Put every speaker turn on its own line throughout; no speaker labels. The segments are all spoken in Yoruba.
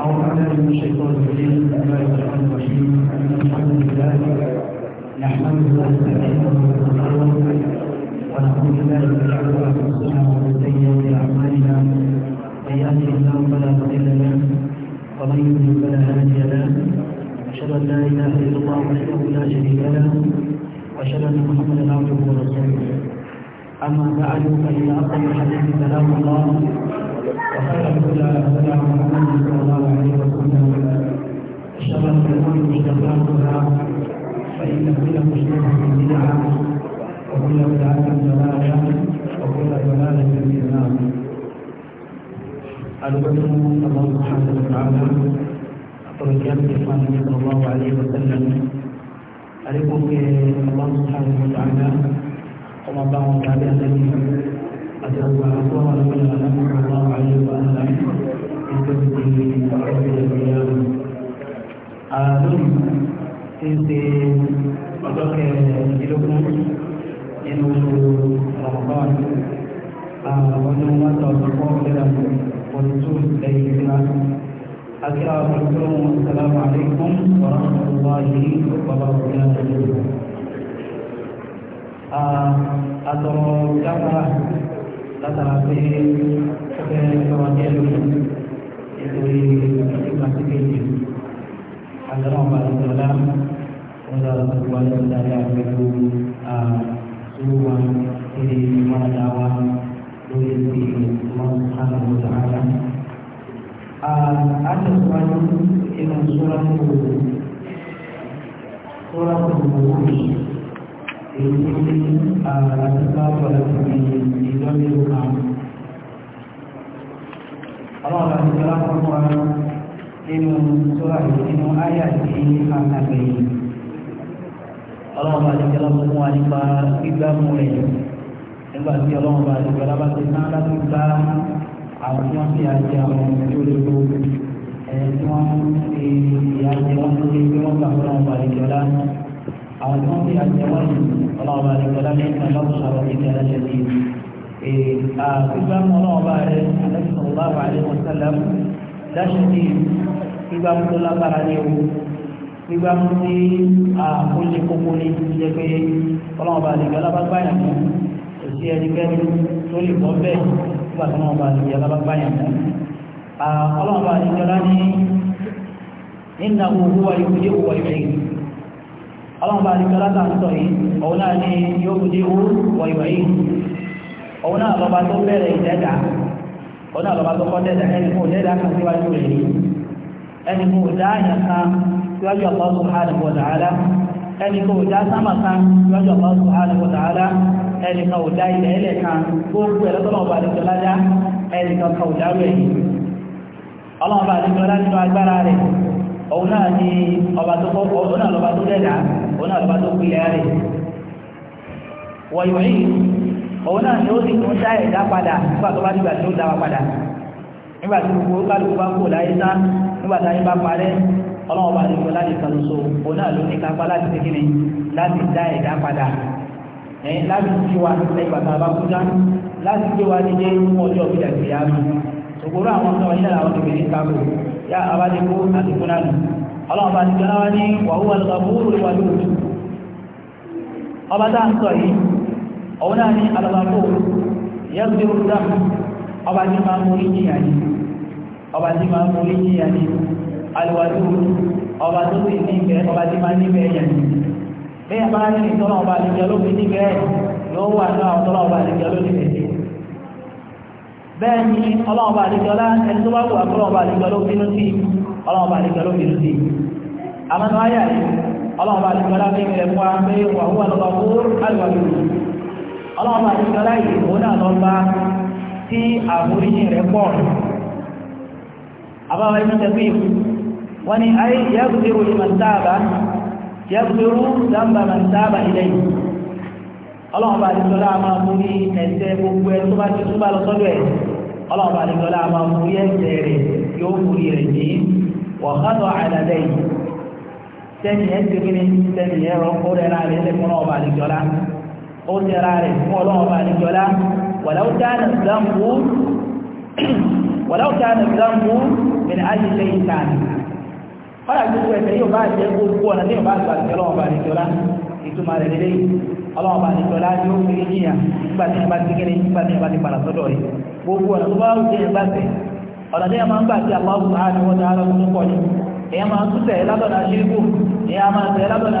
أعوذ بالله من الشيطان الرجيم بسم الله الرحمن الرحيم الحمد لله نحمده ونستعينه ونستغفره ونعوذ بالله من شرور أنفسنا ومن سيئات أعمالنا من يهده الله فلا مضل له ومن يضلل فلا هادي له أشهد أن لا إله إلا الله وحده لا شريك له وأشهد أن محمدا عبده ورسوله أما بعد فإن أقل الحديث كلام الله وخير الهدى هدى محمد صلى الله عليه وسلم وشر الامور مشتقاتها فان كل مشتقه بدعه وكل بدعه ضلاله وكل ضلاله في النار الله سبحانه وتعالى فرجان الله سبحانه وتعالى وما بعد تابعنا àádọ́rù tí ń ṣe ọjọ́ kẹrìndínlógún nínú ọ̀pọ̀n ọdún one thousand four hundred and forty two lẹ́yìn ìgbà akíra ọ̀pọ̀lọpọ̀ salamu alaykum wa rahmatulahi wa barakatuh. àtọ̀rọ̀ jábára látara pé ọ̀fẹ́ ọ̀wá ní ẹ̀lú nítorí ìgbà tí kejì àdánwò bá ti dọ̀lá wọn lọ wà lọ dáadáa pẹ̀lú àtúwò wa lórí wọn dá wa lórí ti wọn sáré wọn dáadáa. a ti sọ wájú inú sọ́ra tó sọ́ra tó wọ́n èyí tí a ti bá wọlé fún mi ìdánilò náà ọlọ́ọ̀lá ti jẹ́ lápapọ̀ nínú sọ́ra nínú àyà tí a kà lẹ́yìn ọlọ́ọ̀lá ti jẹ́ lápapọ̀ wá nípa gbígbàmù rẹ̀ nígbà tí ọlọ́ọ̀lá ti jẹ́ lápapọ̀ ti náà láti gba àwọn tí wọ́n fi àjẹ àwọn ìlú olóko ẹni tí ìgbàmù ọlọ́ọ̀bá rẹ̀ alẹ́sọ̀rọ̀láwà alẹ́mọ̀sálẹ́mù dáṣẹ́ ní ìgbàmù tó lágbára ní ewu ìgbàmù tí àkójẹ kókó ní jẹ́ pé ọlọ́ọ̀bá àlejò alábágbáyà mú kò sí ẹnikẹ́ni tó lè bọ́ bẹ́ẹ̀ nígbà tó ọlọ́ọ̀bá àlejò alábágbáyà mú. ọlọ́ọ̀bá àlejò lá ní nínú àwọn owó wa yóò dé owó ìwé yìí ọlọ́ọ̀bá àlejò lá òun náà lọ́ba tó bẹ̀rẹ̀ ìdẹ́dà òun náà lọ́ba tó kọ́ dẹ́dà ẹni fún ìdẹ́dà kan síwájú rẹ̀ yìí ẹni fún ìdá àyàn kan síwájú Allah subhanahu wa ta'ala ẹni kò dá sámà kan síwájú Allah subhanahu wa ta'ala ẹni kan ò ilẹ̀ ilẹ̀ kan gbogbo ẹ̀rọ tó lọ́ba àdìjọ lájá ẹni kan kan ò rẹ̀ yìí ọlọ́ba àdìjọ lájọ agbára rẹ̀ òun náà ni ọba tó kọ́ òun náà lọ́ba tó dẹ́dà òun náà lọ́ba tó kú ilẹ̀ rẹ̀ wọ̀nyí òun náà ni ó sì tún dá ẹ̀dá padà nígbà tó bá dìgbà tí ó padà nígbà tí gbogbo kálukú bá kú láyé tán nígbà tí ayé bá parẹ́ bá láti òun náà ló ní kápá láti ṣe láti dá ẹ̀dá padà ẹ̀yìn láti wa bá kú tán láti wa ọjọ́ mú àwọn ọmọ yìí ti òun náà ní alàbàbò yẹ́sì rúdà ọba tí máa mú ìjìyà ní ọba tí máa mú ìjìyà ní alùwàdó ọba tó sì ní ìbẹ̀ ọba tí máa níbẹ̀ yẹn ní bí a bá ní ìtọ́nà ọba àlejò ló fi níbẹ̀ ló wà ní àwọn tọ́nà ọba àlejò ló níbẹ̀ sí bẹ́ẹ̀ ni ọlọ́ọ̀ba àlejò lá ẹni tó bá ọba àlejò ló bínú sí ọlọ́ọ̀ba àlejò ló yìí ọlọ́ọ̀ba àlejò lá fi ń rẹ̀ fún wa fún àlùwàdó ọlọ́run bá nígbà láyé òun náà lọ bá tí àforíjì rẹ̀ pọ̀ àbáwá ibi tẹ̀sí wọ́n ni ayé yẹ́gùdérò ìmọ̀ntáàbá yẹ́gùdérò dámbà mọ̀ntáàbà ilẹ̀ yìí ọlọ́run bá nígbà láyé máa mú ní ẹ̀ṣẹ̀ gbogbo ẹ̀ tó bá ti túbà lọ sọ́dọ̀ ẹ̀ ọlọ́run bá nígbà láyé máa mú ó tẹ́ra rẹ̀ fún ọlọ́wọ́ bá ní jọlá wàláwùtánà zambu min ayi ṣe ìtàní ọ̀rọ̀ gbogbo ẹ̀sẹ̀ yóò bá jẹ́ gbogbo ọ̀nà tí yóò bá gbà sí ọlọ́wọ́ bá ní jọlá ìtumà rẹ̀ lélẹ́ ọlọ́wọ́ bá ní jọlá yóò fi ní yíyà nígbà tí ìbá máa ń gbà sí àwọn ọ̀sán máa ń tún tẹ̀ látọ̀nà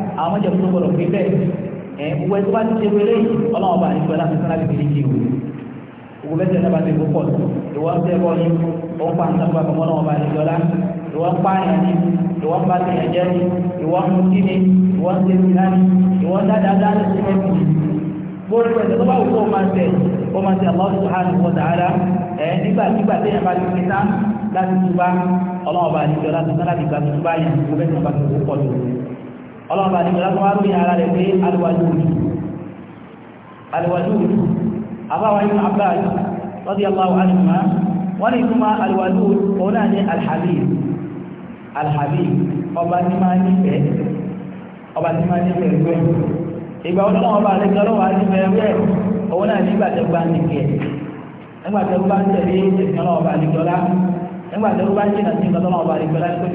àwọn jẹ́ fún gbọ́dọ̀ pé bẹ́ẹ̀ ẹ̀ gbogbo ẹ̀ tó bá ti ṣe wẹlé yìí ọlọ́run bá ní pẹ̀lú àti sára bìbí léjì o gbogbo bẹ́ẹ̀ tẹ̀lé bá ti kó pọ̀ ìwọ ń tẹ́ bọ́ ni ó ń pa nǹkan bá kọ́ ọlọ́run bá ní jọlá ìwọ ń pa àyàn ni ìwọ ń bá ti yàn jẹ́ ni ìwọ ń mú kíni ìwọ ń ṣe ìlà ni ìwọ ń dáadáa dáadáa sí ẹ̀ kù gbogbo ẹ̀ tó bá wù kó o máa tẹ̀ o máa tẹ̀ Allah subhanahu wa ta'ala ẹ̀ nígbàkigbà tẹ̀yàn bá ti fi tán láti túbá ọlọ́run bá ní jọlá tó tán láti gbà yẹn gbogbo bẹ́ẹ̀ tẹ̀lé bá ti kó pọ̀ lórí ọlọ́ọ̀bá ní ìrọ́kọ́ wá ròyìn ara rẹ̀ pé alwàlúùdù alwàlúùdù àbáwá ibn Abbas radiyallahu anhuma wọ́n ní ìtumọ̀ alwàlúùdù òun náà ní alhabib alhabib ọba tí máa nífẹ̀ẹ́ ọba tí máa nífẹ̀ẹ́ rẹ̀ ìgbà wọn náà ọba àlejò ọlọ́wà nífẹ̀ẹ́ rẹ̀ òun náà nígbà tẹ́ gbá nífẹ̀ẹ́ nígbà tẹ́ gbá tẹ̀lé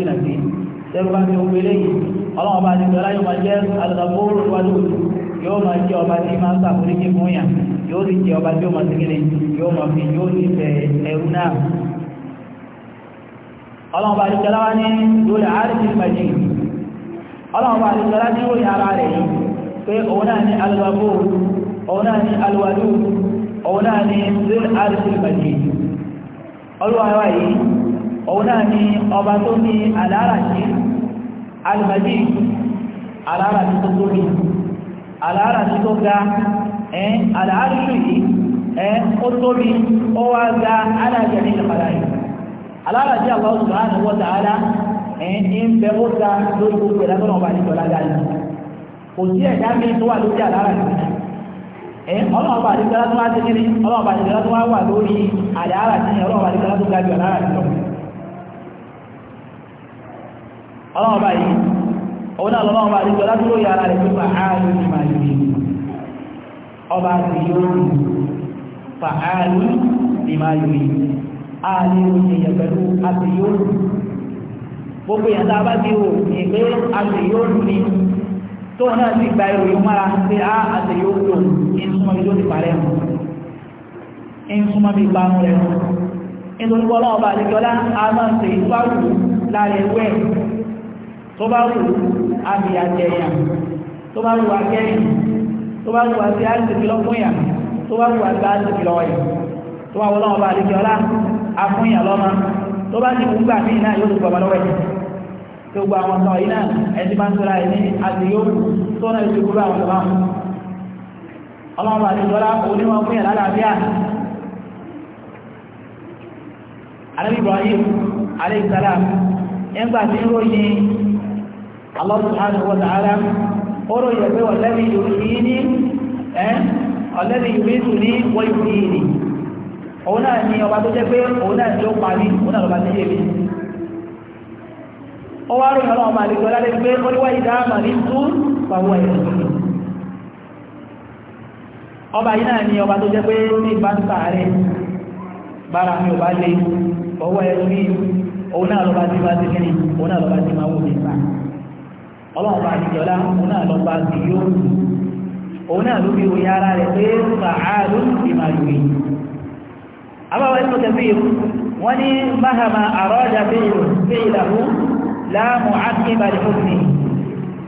ìtẹ̀sán tẹ́rù bá ti wọlé lẹ́yìn ọlọ́wọ́n bá ti tọ́lá yóò máa jẹ́ alùpàgbóró wájú yóò máa jẹ́ ọba tí máa ń sàkóríkì fún yàn yóò sì jẹ́ ọba tí ó máa tẹ́kẹ̀lẹ̀ yóò máa fi yóò ní fẹ́ ẹrú náà ọlọ́wọ́n bá ti tọ́lá wá ní lórí àárín ìpàdé ọlọ́wọ́n bá ti tọ́lá ní lórí ara rẹ̀ òun náà ni ọba tó ní aláràṣí alìmọ̀dí aláràṣí tó tóbi aláràṣí tó ga ẹ́ aláràṣí yìí ẹ́ ó tóbi ó wá ga alájẹ́ ní ìjọba yìí aláràṣí Allah subhanahu wa ta'ala ẹ̀yìn bẹ ó da lórí gbogbo ẹ̀dá tó náà bá nítorí ọ̀la yìí kò sí ẹ̀dá wà lórí àlára yìí ọlọ́wọ́ báyìí òun náà lọ́wọ́ bá dìjọ láti lóye ara rẹ̀ pípa ààrùn ní máa yìí ọba ti yóò fa ààrùn ní máa yìí ààrùn ní èèyàn pẹ̀lú àti yóò gbogbo èèyàn tá a bá ti wò ní pé àti yóò ní tó náà ti a máa ń ṣe ìfáwù lára ẹwẹ́ tó bá wù àbí àjẹyàn tó bá wù àjẹyìn tó bá wù àti àìsìkìlọ fún yà tó bá wù àti àìsìkìlọ yà tó bá wọlọ́wọ́ bá àlejò ọlá afúnyà lọ́mọ tó bá ní gbà mí náà yóò gbọmọ lọ́wọ́ ẹ̀ tó gba àwọn ọ̀sán yìí náà ẹni bá ń tóra ẹ̀ ní àdìyó tó náà ti gbúrú àwọn ọ̀sán ọlọ́wọ́ ní Allah subhanahu wa ta'ala ọ̀rọ̀ yẹ pé ọ̀lẹ́bí yìí ní ẹ́ ọ̀lẹ́bí yìí tù ní òun náà ni ọba tó jẹ́ pé òun náà ló pa mí òun náà lọ́ba tó yé mi ó wá pé ó ní tú pàwọ́ ẹ̀ ọba yìí náà ni ọba tó jẹ́ pé ní bá ń sàárẹ̀ bára mi ò bá ọwọ́ ẹ̀ òun náà tí ọlọ́run bá àti ìjọlá òun náà lọ́ba sí yóò lù òun náà ló fi òye ara rẹ̀ pé fàáàlú ti máa lù yìí abáwọ̀ ẹ̀sùn tẹ̀fí wọ́n ní máhàmà àrọ́jà bí ìlàhú láàmù ákíbalì fúnni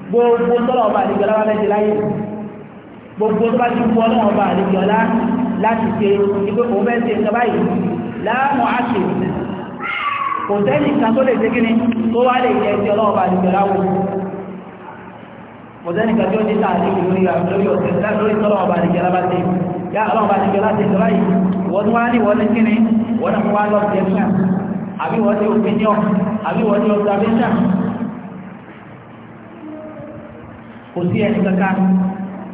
gbogbo kò tẹ́lì kan tó lè ṣe kíni tó wá lè yẹ ti ọlọ́run bá kòtẹ́ni kan yóò ní sáàdì lórí lórí ọ̀sẹ̀ lórí tọ́lọ̀ ọba àdìjẹ́ lábàtì yá ọlọ́ ọba àdìjẹ́ láti sọ báyìí wọ́n tún wá ní wọ́n ní kíni wọ́n náà wá lọ sí ẹ̀fún àbí wọ́n ní opinion àbí wọ́n ní observation kò sí ẹni kankan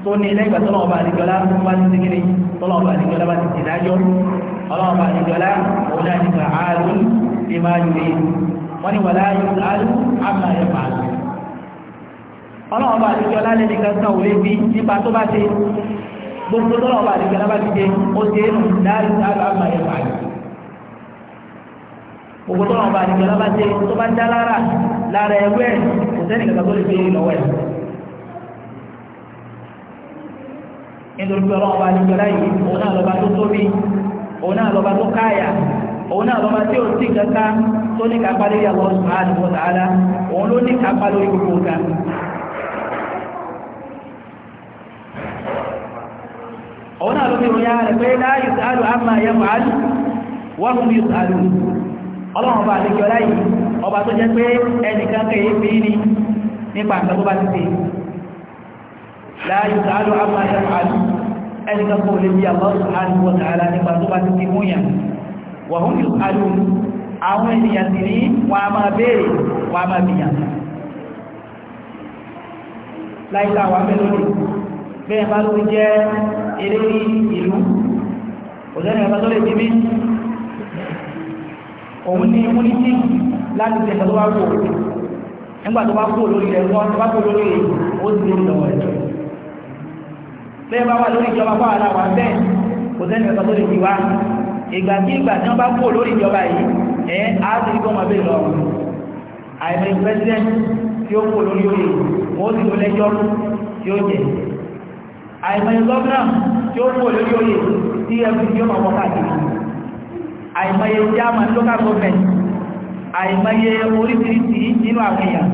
tó ní lẹ́gbàá tọ́lọ̀ ọba àdìjẹ́ lá wá ní sí kíni tọ́lọ̀ ọba ọlọ́wọ́n bá àdíjọ lálẹ́ nìkan sàn ò lé bí nípa bụ bá ṣe gbogbo tó lọ́wọ́ bá àdíjọ lábá ti ṣe ó ṣe é nù láàrín sábà máa yẹ gbogbo tó lọ́wọ́ bá tó bá dá lára lára kò sẹ́ni tó lè fi lọ́wọ́ ẹ̀ nítorí pé ọlọ́wọ́ bá òun náà lọ́ba tó tóbi òun náà lọ́ba tó
fi ròyìn rẹ̀ pé láàyè sàálù àmà yẹmù àlù
wọ́n fi sàálù ọlọ́run ọba àlejò láyìí ọba tó jẹ́ pé ẹnìkan kẹ́yẹ fi ní nípa àgbà tó bá ti tèé láàyè sàálù àmà yẹmù àlù ẹnìkan kò lè bí Allah subhanahu wa bẹ́ẹ̀ bá ló jẹ́ eré ìlú òṣèré ẹ̀bá tó lè ti bí òun ní múnítì láti tẹ̀ tó wá kò nígbà tó wá kò lórí rẹ̀ wọ́n tó wá kò lórí rẹ̀ ó sì lè lọ rẹ̀ bẹ́ẹ̀ bá wà lórí ìjọba fún àwọn àwọn abẹ́ òṣèré ẹ̀bá tó lè ti wá ìgbà tí ìgbà tí wọ́n bá kò lórí ìjọba yìí ẹ̀ á sì rí kọ́mọ bẹ́ẹ̀ lọ àìmọ̀ ìpẹ́sidẹ́ntì tí ó kò lórí oyè wọ́n sì lọ lẹ́jọ́ tí ó jẹ́ àìmọye gọ́ọ̀nà tí ó kò lórí oyè tí ẹkùn tí ó mọ̀ káàkiri àìmọye german local government àìmọye oríṣiríṣi nínú àfihàn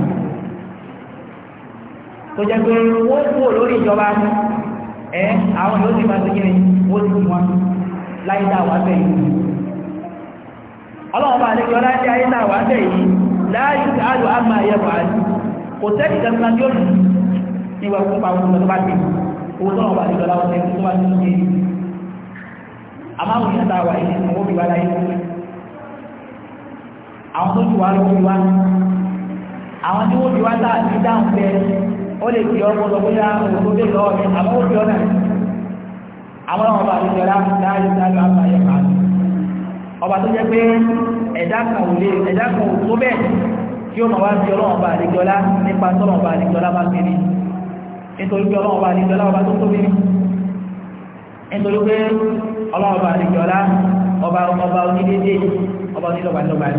tó jẹ́ pé ó kò lórí ìjọba ẹ àwọn yóò ti máa tẹ́kiri ó ti wọn láì dáwà bẹ́ẹ̀ yìí ọlọ́run bá lè yọlá jẹ́ ayé dáwà bẹ́ẹ̀ yìí láàyè àlò àmà ẹ̀yẹ̀ wà kò sẹ́ni kankan yóò ní ìwà fún pàwọn owó tó wọn bá dìgbà láwọn ẹni tó bá ti ṣe àmáwòye tá a wà yìí ní owó bíbá láyé àwọn tó ti wà lọ́wọ́ bíbá àwọn tí wọ́n ti wá sáà ti dáhùn pé ó lè fi ọkọ̀ lọ òun tó lọ́wọ́ mi àmọ́ ó fi ọ́ àwọn ọmọ bá dìgbà láyé sáré àmà yẹ kàn ọba tó jẹ́ pé ẹ̀dá kan ò lè ẹ̀dá kan ò tó bẹ́ẹ̀ tí ó mọ̀ wá sí ọlọ́wọ́ nítorí pé ọlọ́wọ́ bá nìjọlá ọba tó tóbi nítorí pé ọlọ́wọ́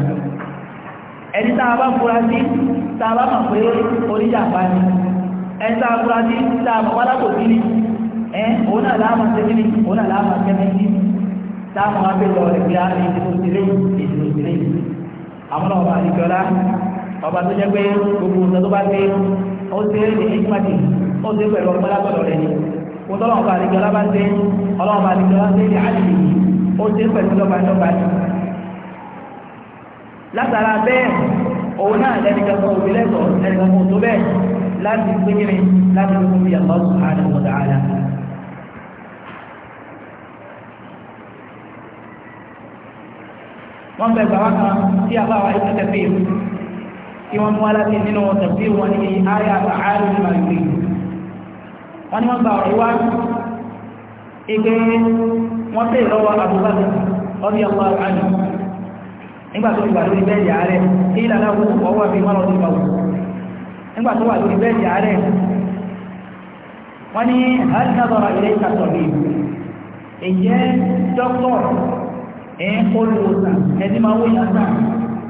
ẹni tá bá fura sí tá bá mọ̀ pé oníjàmbá ni ẹni tá a fura sí tá a mọ̀ wá lápò sí ni ẹ òun náà láàmú sẹ́mi ni òun náà láàmú sẹ́mi ni táàmù abẹ́lọ rẹ̀ bí a lè dúró sílé ìdúró sílé àwọn ọba àdìjọlá ọba tó jẹ́ pé gbogbo ọ̀sán tó bá gbé ó ó ti pẹ̀lú ọgbọ́n lágbọ́dọ̀ rẹ̀ ni kò tọ́lọ́ ọba àdìgbò lábá ṣe ọlọ́run ọba àdìgbò lábá ṣe ní àdìgbò yìí ó ti pẹ̀lú lọ́ba lọ́ba ni. látara bẹ́ẹ̀ òun náà lẹ́nu kan fún òbí lẹ́tọ̀ọ́ lẹ́nu kan fún òtó bẹ́ẹ̀ láti gbẹ́yìnrín láti gbẹ́kún bí Allah subhanahu wa ta'ala. wọ́n bẹ bàbá kan tí a bá wa ìtàkẹ́ fèèrè tí wọ́n mú aláti nínú tafsir wọn ní ayé àbáhárù ní wọ́n ni wọ́n gba ọ̀rọ̀ wá ike wọ́n tẹ̀ lọ́wọ́ abúgbàdì ọdí ọmọ àjò nígbà wà lórí bẹ́ẹ̀dì ààrẹ tí ìlànà ọwọ́ àbí wà lórí bẹ́ẹ̀dì ààrẹ wọ́n ni èyẹ dọ́kọ̀ ẹ̀ ẹni máa wó yàtà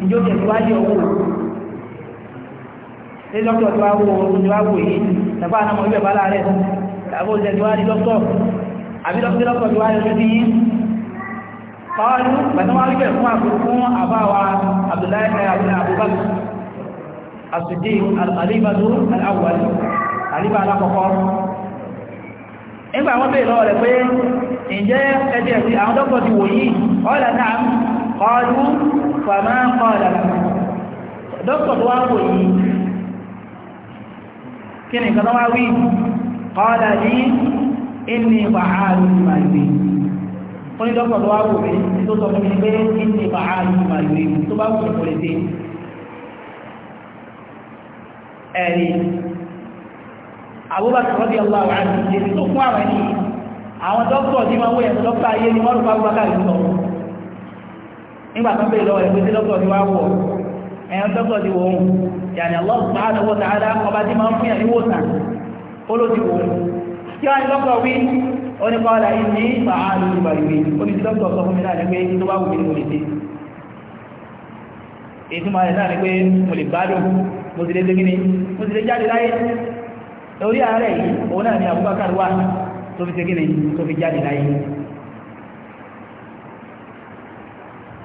ìjọ tẹ̀síwájú ọwọ́ dọ́kọ̀ tó wá tó wá tẹ̀fà náà mọ̀ ibẹ̀ bá láàrẹ̀ tàbí oṣù ẹ̀dùwá ní dọ́kítọ̀ àbí dọ́kítọ̀ ti wá yọjú sí yín
kọ́ọ̀lù bàtà wọn wípé fún àkókún àbáwa Abdullahi Abubakar
asùdí alìbàdó aláwọ̀lì àlìbà alákọ̀ọ́kọ́ nígbà wọ́n bèèrè lọ́wọ́ rẹ̀ pé tó wá wò yìí kí ni nǹkan tó wá wí kọ́ọ̀dà ní ìní ìbàhálù ìmàlùwé ó ní dọ́kọ̀ tó wá wò mí tó sọ fún mi pé ìní ìbàhálù ìmàlùwé tó bá wù mí kò lè dé ẹ̀rí Abubakar rọ́bí Allah wà ní ìdí tó fún àwọn ẹni ẹ̀yàn tọ́gbọ̀ ti wò ohun yàní Allah subhanahu wa ta'ala ọba tí máa ń fún yàní wòsàn ó ló ti wò ohun tí wọ́n ni lọ́pọ̀ wí ó ní kọ́ọ̀lá ìní fàálù ìbàlùwé ó ní dọ́pọ̀ sọ fún mi náà ní pé tó bá wù mí mo lè dé èyí tó máa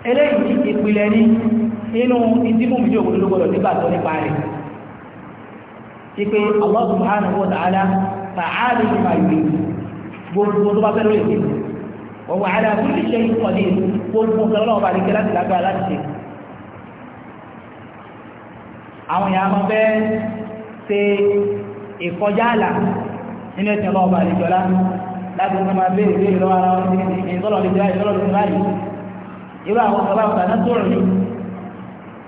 rẹ̀ eléyìí ìpìlẹ̀ ní nínú ìdíbò mi ní òkúta ló gbọdọ̀ nígbàgbọ́ nípa rẹ̀ ipe Allah subhanahu wa ta'ala ta'ala ni ma yuri gbogbo tó bá fẹ́ lóye sí wọ́n wà ala kulli shay'in qadir gbogbo nǹkan lọ́wọ́ bá dìgbẹ́ láti lágbára láti ṣe àwọn èèyàn máa fẹ́ ṣe ìkọjá àlà nínú ẹ̀sìn lọ́wọ́ bá dìgbẹ́ láti ọmọ abẹ́ ìgbé ìlọ́wọ́ ara wọn ní ìtọ́lọ̀ lè jẹ́ ìtọ́lọ̀ lè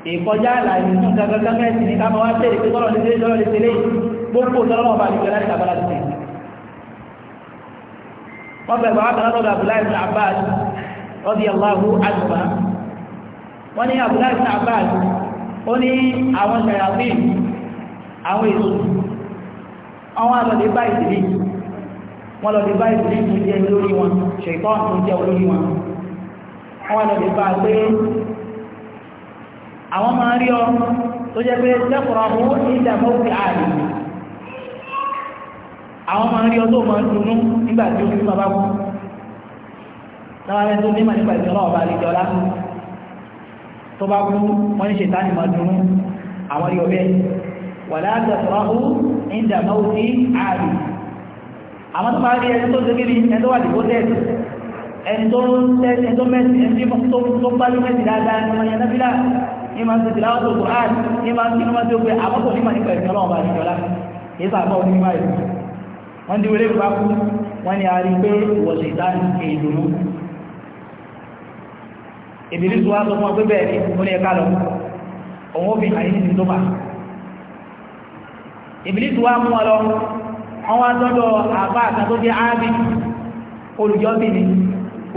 ìkọjá àlàyé fún kankan mẹ́sì ní káàmọ́ wá tẹ́lẹ̀ pé tọ́lọ̀ lè tọ́lọ̀ lè tẹ́lẹ̀ gbogbo tọ́lọ̀ ọba àlùkò láti àbára ti tẹ̀lẹ̀ wọ́n bẹ̀rẹ̀ wá kan lọ́dọ̀ Abdullahi bin Abbas radiyallahu anhuma wọ́n ní Abdullahi bin Abbas ó ní àwọn sàyàfín àwọn máa rí ọ tó jẹ́ pé lẹ́kùnrin owó ìdá mọ́wùtí ààrẹ àwọn máa rí ọ tó máa dunú nígbà tí ó fi máa bá kú láwọn tó nímọ̀ nípa ìjọba ọba àlejò ọlá tó bá kú wọ́n ní ṣètánì máa dunú àwọn rí ọbẹ̀ wà láti lẹ́kùnrin owó ìdá mọ́wùtí ẹni tó mẹ́sì ẹni tó bá mẹ́sì dáadáa ẹni tó yẹn náà ìmọ̀ ń tètè láwọn tó kùrọ̀ áàdì ìmọ̀ ń tètè tó pé àmọ́kò nímọ̀ nípa ìfẹ́ ọlọ́run bá nìjọlá èyí sàbọ̀ ní báyìí wọ́n ti wéré bá kú wọ́n ni a rí pé wọ́n ṣe ìdáni èdùnú ìbílí tó wá sọ fún ọgbẹ́ bẹ́ẹ̀ ni ó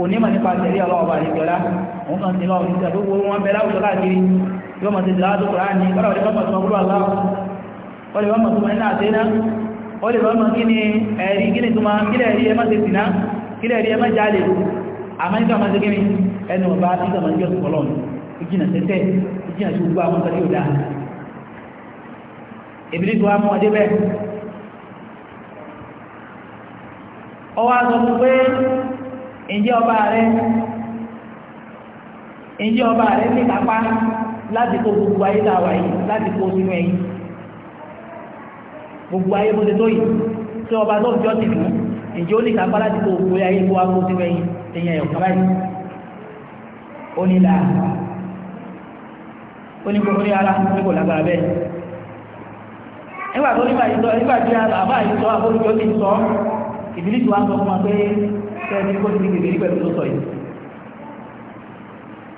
ní ẹ̀ka nípa tẹ̀lé ọlọ́run bá òun kan ti lọ òun ti àdúgbò wọn bẹ láwùjọ káàkiri yóò mọ̀ sí ìdáwà tó kùrá ní kọ́lá òde bọ́mọ̀ tó ọgbọ́n aláwọ̀ ó lè bọ́mọ̀ tó mọ̀ nínú àtẹ́ná ó lè bọ́mọ̀ kí ni ẹ̀rí kí ni tó máa kílẹ̀ ǹjẹ́ ọba rẹ̀ ní kápá láti kó gbogbo ayé tá a wà yìí láti kó sínú ẹ̀yìn gbogbo ayé bó ti tó yìí tí ọba tó ń jọ́ ti fún ǹjẹ́ ó ní kápá láti kó gbogbo ayé kó wá kó sínú ẹ̀yìn ẹ̀yìn ẹ̀yọ̀ kaba yìí ó ní là ó ní kókó ní ara ó ní kò lágbára bẹ́ẹ̀ nígbà tó nígbà yìí sọ nígbà tí àbá yìí sọ àbójútó ti sọ ìbílí tí wàá sọ fún wa pé kẹ́ẹ̀ kó ti di kébèrè pẹ̀lú tó sọ yìí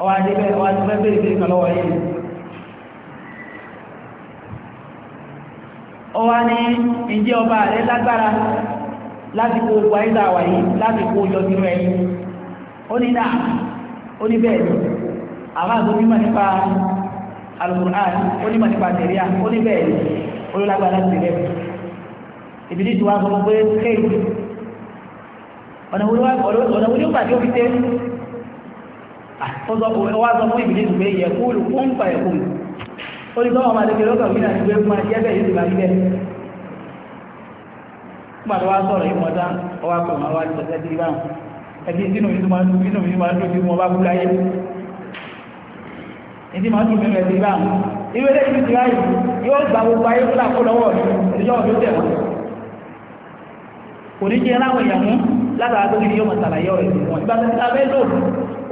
ọwọ́ adébẹ̀ ọwọ́ adébẹ̀ bèrè bèrè kan lọ́wọ́ yìí ọwọ́ ní ìjẹ́ ọba rẹ̀ lágbára láti kó ogun ayé dáwà yìí láti kó yọ sínú ẹ̀yìn ó ní náà ó ní bẹ́ẹ̀ ni àwọn àgbò mímọ̀ nípa alukur'an ó nímọ̀ nípa tẹ̀ríà ó ní bẹ́ẹ̀ ni olólágbára láti tẹ̀lé ìbílí tí wọ́n sọ pé kéèkì ọ̀nà wọlé wọ́n pàdé òfin tẹ́lẹ̀ wá sọ fún ìbílẹ̀ ìgbé yẹ kúlù fún pa ẹ̀kùn ó ní sọ́wọ́n máa lẹ́gbẹ̀ẹ́ lọ́kàn mí náà gbé fún ajẹ́bẹ̀ yìí bá gbẹ́ nígbà tó wá sọ̀rọ̀ yìí mọ́ta ọwá pọ̀ máa wá sọ sẹ́tì bá ẹbí sínú mi máa ń sínú mi máa ń dùn bí mo bá kú láyé ìdí máa ń dùn mẹ́rin ẹ̀sìn bá ìwé lẹ́yìn ti ráyè yóò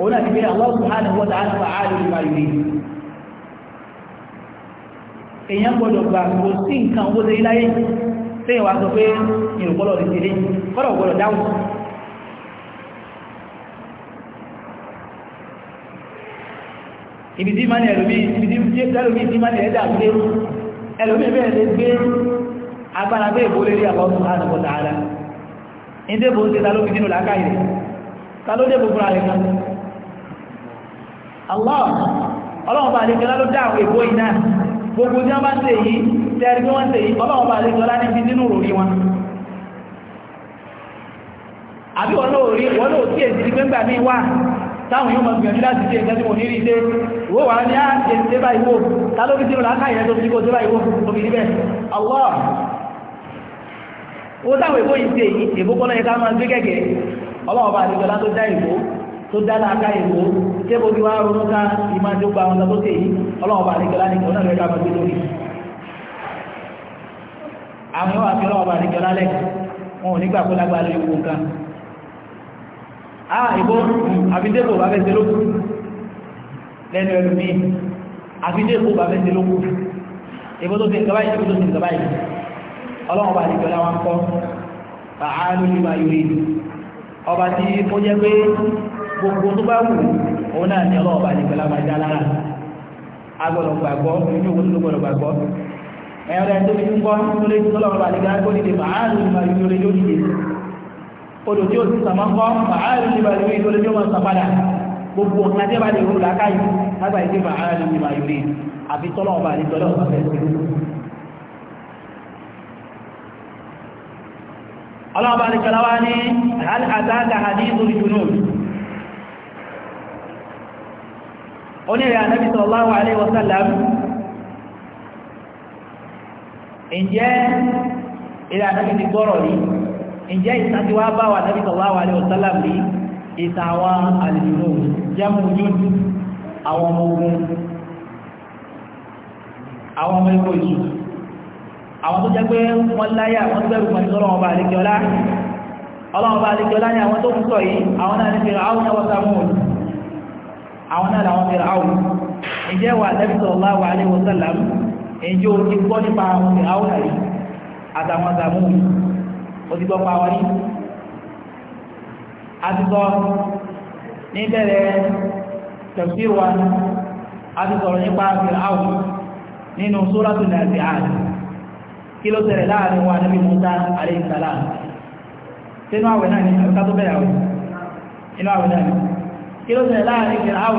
òun náà الله سبحانه وتعالى subhanahu wa ta'ala fa'alu lima yurid èèyàn gbọdọ̀ gbà kò sí nǹkan owó lórí láyé tẹ́yìn wá sọ pé ìrùgbọ́lọ̀ rí tẹ́lé kọ́lọ̀ gbọdọ̀ dáhùn ibi tí máa ní ẹlòmí ibi tí ẹlòmí tí máa ní ẹ̀dà gbé ẹlòmí bẹ́ẹ̀ lè agbára bẹ́ẹ̀ bó lérí àwọn Allah ọlọ́run bá àlejò lálọ́ dá àwọn iná gbogbo tí wọ́n bá ń tè yìí tẹ́rí bí wọ́n tè yìí níbi nínú òrí wọn àbí wọn náà rí tí èsì gbẹ́ngbà míì wà táwọn yóò gbìyànjú láti tó dára aká ìwò tébò bí wá ronú ká ìmájó gba ọ̀nà tó tèyí ọlọ́ọ̀bà àríkẹ́lá ní ọ̀nà rẹ̀ káàkiri lórí àwọn yóò ọlọ́ọ̀bà àríkẹ́lá lẹ̀ wọn ò nígbà kólá a ìbò mm, àfidébò bá fẹ́ lẹ́nu mi àfidébò bá fẹ́ ìbò tó ti gbogbo tó bá wù òun náà ní ọlọ́ọ̀bá ní pẹ̀lú àmàjá lára agbọ̀dọ̀ gbàgbọ́ inú òun ló gbọ́dọ̀ gbàgbọ́ ẹ̀rọ ẹ̀ tó fi ń gbọ́ nítorí tí ọlọ́ọ̀bá ní gbàgbọ́ nílé màálù ní màálù lórí yóò dìde odò tí ó ti sàmọ́ màálù ní màálù lórí yóò máa sàpadà gbogbo nǹkan tí a bá ní màálù onírẹ̀ ànábì sallallahu alaihi wasallam ǹjẹ́ ilẹ̀ ànábì ti gbọ́rọ̀ rí ǹjẹ́ ìsàn ti wá bá wà ànábì sallallahu alaihi wasallam rí ìsàn àwọn àlùjọ jẹ́mú yóò àwọn ọmọ ogun àwọn ọmọ ikọ̀ ìṣù àwọn tó jẹ́ pé wọ́n láyà wọ́n bẹ̀rù pẹ̀lú ọlọ́ọ̀bà àríkẹ́ọlá ọlọ́ọ̀bà àríkẹ́ọlá ni àwọn tó ń sọ yìí àwọn fìràwù ìjẹ́ wà Ànábì sallallahu alaihi wasallam ìjọ ti gbọ́ nípa fìràwù àrí àtàwọn àtàmú ó ti gbọ́ pa wọn ní. a ti sọ níbẹ̀rẹ̀ tafsir wa a ti sọ̀rọ̀ nípa fìràwù nínú sóràtù Nazi'at kí ló ṣẹlẹ̀ láàrin wa Ànábì Mùsá alaihi salam sínú àwẹ̀ náà ni àbíká bẹ̀rẹ̀ àwẹ̀ inú àwẹ̀ náà ni kí ló ṣẹlẹ̀ láàrin fìràwù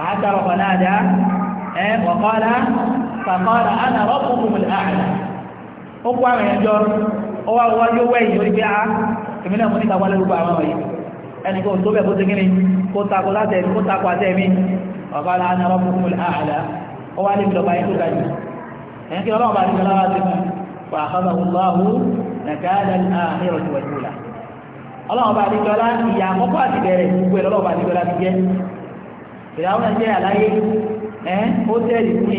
فحشر فنادى وقال فقال أنا ربكم الأعلى أقوى من يجر ọwọ́ àwọn yóò wẹ́yìn lórí pé a ìmìnà mú níta wálé rúgbà àwọn ọ̀yí ẹni kò tó bẹ̀ kó ti gíní kó takò láti ẹni kó takò àti ẹ̀mí ọ̀gá aláàánà ọkùnkùn àhàlà ọwọ́ alẹ́ ìlọ́ba yìí tó ga jù ẹni kí ọlọ́ọ̀bá ti lọ́wọ́ ti mú wà àkọ́sọ̀ ọlọ́hu nàkàdà àhírò ti wà jùlá ọlọ́ọ̀bá ti jọlá ìyà àkọ́kọ́ àti bẹ̀rẹ̀ gbogbo ẹ̀ lọ́ọ̀bá ti jọlá ti jẹ́ ìyàwó náà jẹ́ àláyé ẹ́ ó tẹ́lì fún mi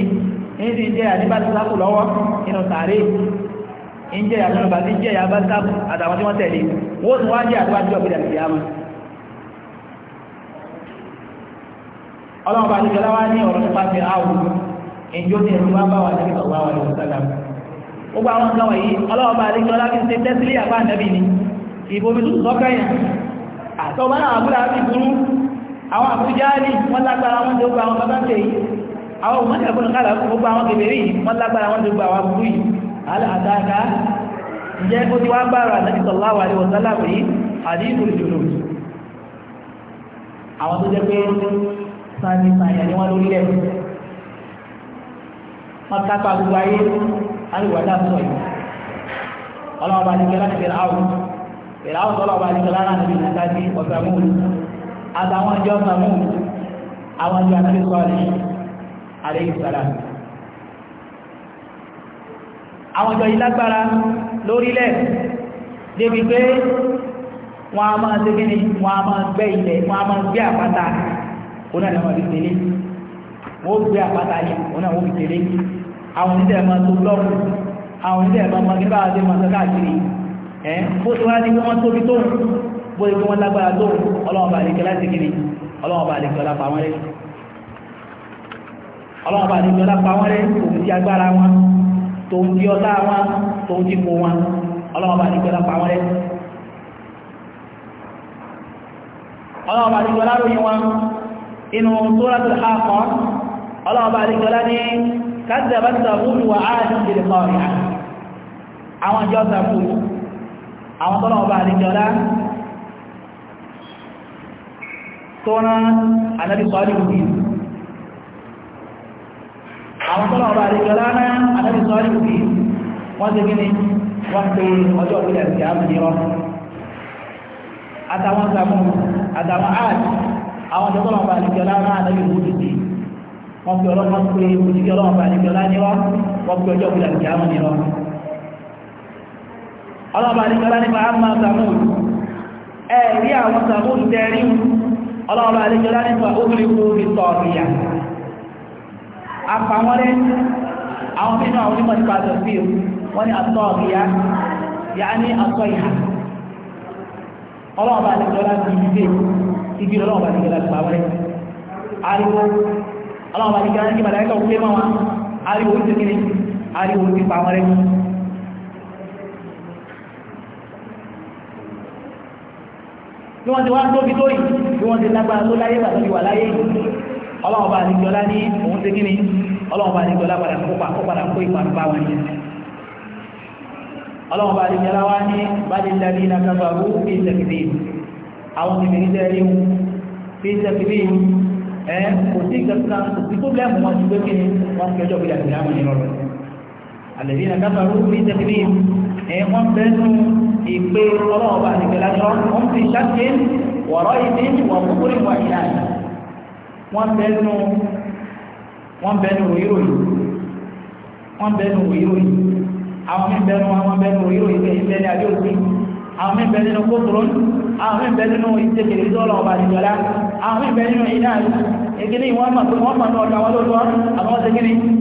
níbi ìjẹ́ àdébátíláàpù lọ́wọ́ nínú sàárè ìjẹ́ àdébá tí jẹ́ àbátíláàpù àtàwọn tí wọ́n tẹ̀lé wọ́n tún wá jẹ́ àdébátíláàpù ọ̀gbẹ̀dà ìyàmù ọlọ́run bá ti jọlá wá ní ọ̀rọ̀ nípa ti áwù ìjọ ní ẹ̀rù wá bá wà ní ìgbà wà ní ìsàlá gbogbo àwọn nǹkan wọ̀nyí ọlọ́run bá ti jọlá fi ṣe tẹ́sílẹ̀ àbá ànábì ni ìbomi tó sọ́kẹ́yìn àtọ́gbọ́n àwọn àbúrò àbí burú àwọn àbújáàlì wọ́n lágbára wọ́n tó gba àwọn bàbáṣe yìí àwọn òmọ́dé ẹ̀kùn kálà gbogbo àwọn kèbèrè yìí wọ́n lágbára wọ́n tó gba àwọn àbúrú yìí aláàdáka ǹjẹ́ ó ti wá gbára àdájú sallallahu alaihi wasallam yìí àdínkù ìdùnnú àwọn tó jẹ́ pé sáàbì sàyà ni wọ́n lórí rẹ̀ àtàwọn ìjọ samu àwọn ìjọ àti sọ́ọ̀lì àríyìsàlá àwọn ìjọ ìlágbára lórílẹ̀ débi pé wọ́n a máa ṣe gíní wọ́n a máa gbẹ́ ilẹ̀ wọ́n a máa gbé àpáta òun náà wọ́n fi tẹ̀lé wọ́n gbé àpáta yìí òun náà wọ́n fi tẹ̀lé àwọn onídẹ̀ máa tó lọ́rùn àwọn onídẹ̀ máa máa gbé bá a ṣe máa sọ káàkiri ẹ̀ fóṣùwá ní bóyá kí wọ́n lágbára tó ọlọ́wọ́n bá àlejò láti kiri ọlọ́wọ́n bá àlejò lápá wọn rẹ̀ ọlọ́wọ́n bá àlejò lápá wọn rẹ̀ òun ti agbára wọn tòun ti ọlá wọn tòun ti kó wọn ọlọ́wọ́n bá àlejò lápá wọn rẹ̀ ọlọ́wọ́n bá àlejò láròyìn wọn inú Suratul Haqqah ọlọ́wọ́n bá àwọn ìjọ sàmúlù àwọn tọ́rọ anábi sọ́lìwòdì àwọn tọ́rọ ọba àríkọlá náà anábi sọ́lìwòdì wọ́n ti gíní wọ́n pé ọjọ́ ìpínlẹ̀ ti àmìnirọ́ àtàwọn sàmù àtàwọn àti àwọn tọ́rọ ọba àríkọlá náà anábi sọ́lìwòdì wọ́n pé ọlọ́pàá pé òjìkẹ́ ọlọ́pàá àríkọlá nírọ́ wọ́n pé ọjọ́ ìpínlẹ̀ ti àmìnirọ́ ọlọ́pàá àríkọlá nípa àmà sàmù ẹ̀rí àwọn sàmù tẹ́rí ọlọ́ọ̀lọ́ àlejọ́lá nípa orílẹ̀-èdè orí tọ́ọ̀rìyà apàwọ́lẹ́ àwọn nínú àwọn onímọ̀ nípa àtọ̀fí wọ́n ni àtọ́ọ̀rìyà yà ní àtọ́ ìhà ọlọ́ọ̀bà àlejọ́lá ti ibẹ̀ ibi ọlọ́ọ̀bà àlejọ́lá ti pàwọ́lẹ́ ariwo ọlọ́ọ̀bà àlejọ́lá ní kí màláíkà òkúlé mọ́ wọn ariwo ti bí wọ́n ti wá tóbi tó yìí bí wọ́n ti lágbára tó láyé wà lórí wà láyé ọlọ́wọ́ bá àdìjọlá ní òun ti kí ni ọlọ́wọ́ bá àdìjọlá padà kópa kó padà kó ipa bá wọn yẹn ọlọ́wọ́ bá àdìjọlá wá ní bájì dábí iná kábà wú fi tẹ̀kìbí àwọn ti fèrè tẹ́ ríhun fi tẹ̀kìbí ẹ kò sí ìkẹta kò sí pọ́blẹ́mù wọn ti gbé kí ni wọ́n fi ọjọ́ gbé àdìjọlá wọn yẹn lọ́rọ̀ àlẹ́bí iná kábà wú fi tẹ̀kìbí ẹ wọ́n bẹ́ẹ̀ ìpè ọlọ́ọ̀bá àdìgbẹ́lájọ́ wọ́n ti ṣáṣe wọ̀rọ̀ ìdí wọ̀n kúkúrú wà ní àná wọ́n bẹnu ìròyìn wọ́n bẹnu ìròyìn àwọn mí àwọn bẹnu ìròyìn bẹ́ẹ̀ ìbẹ́ni àdéhùn àwọn mí kókòrò àwọn mí bẹnu nínú ìtẹ̀kẹ̀lẹ̀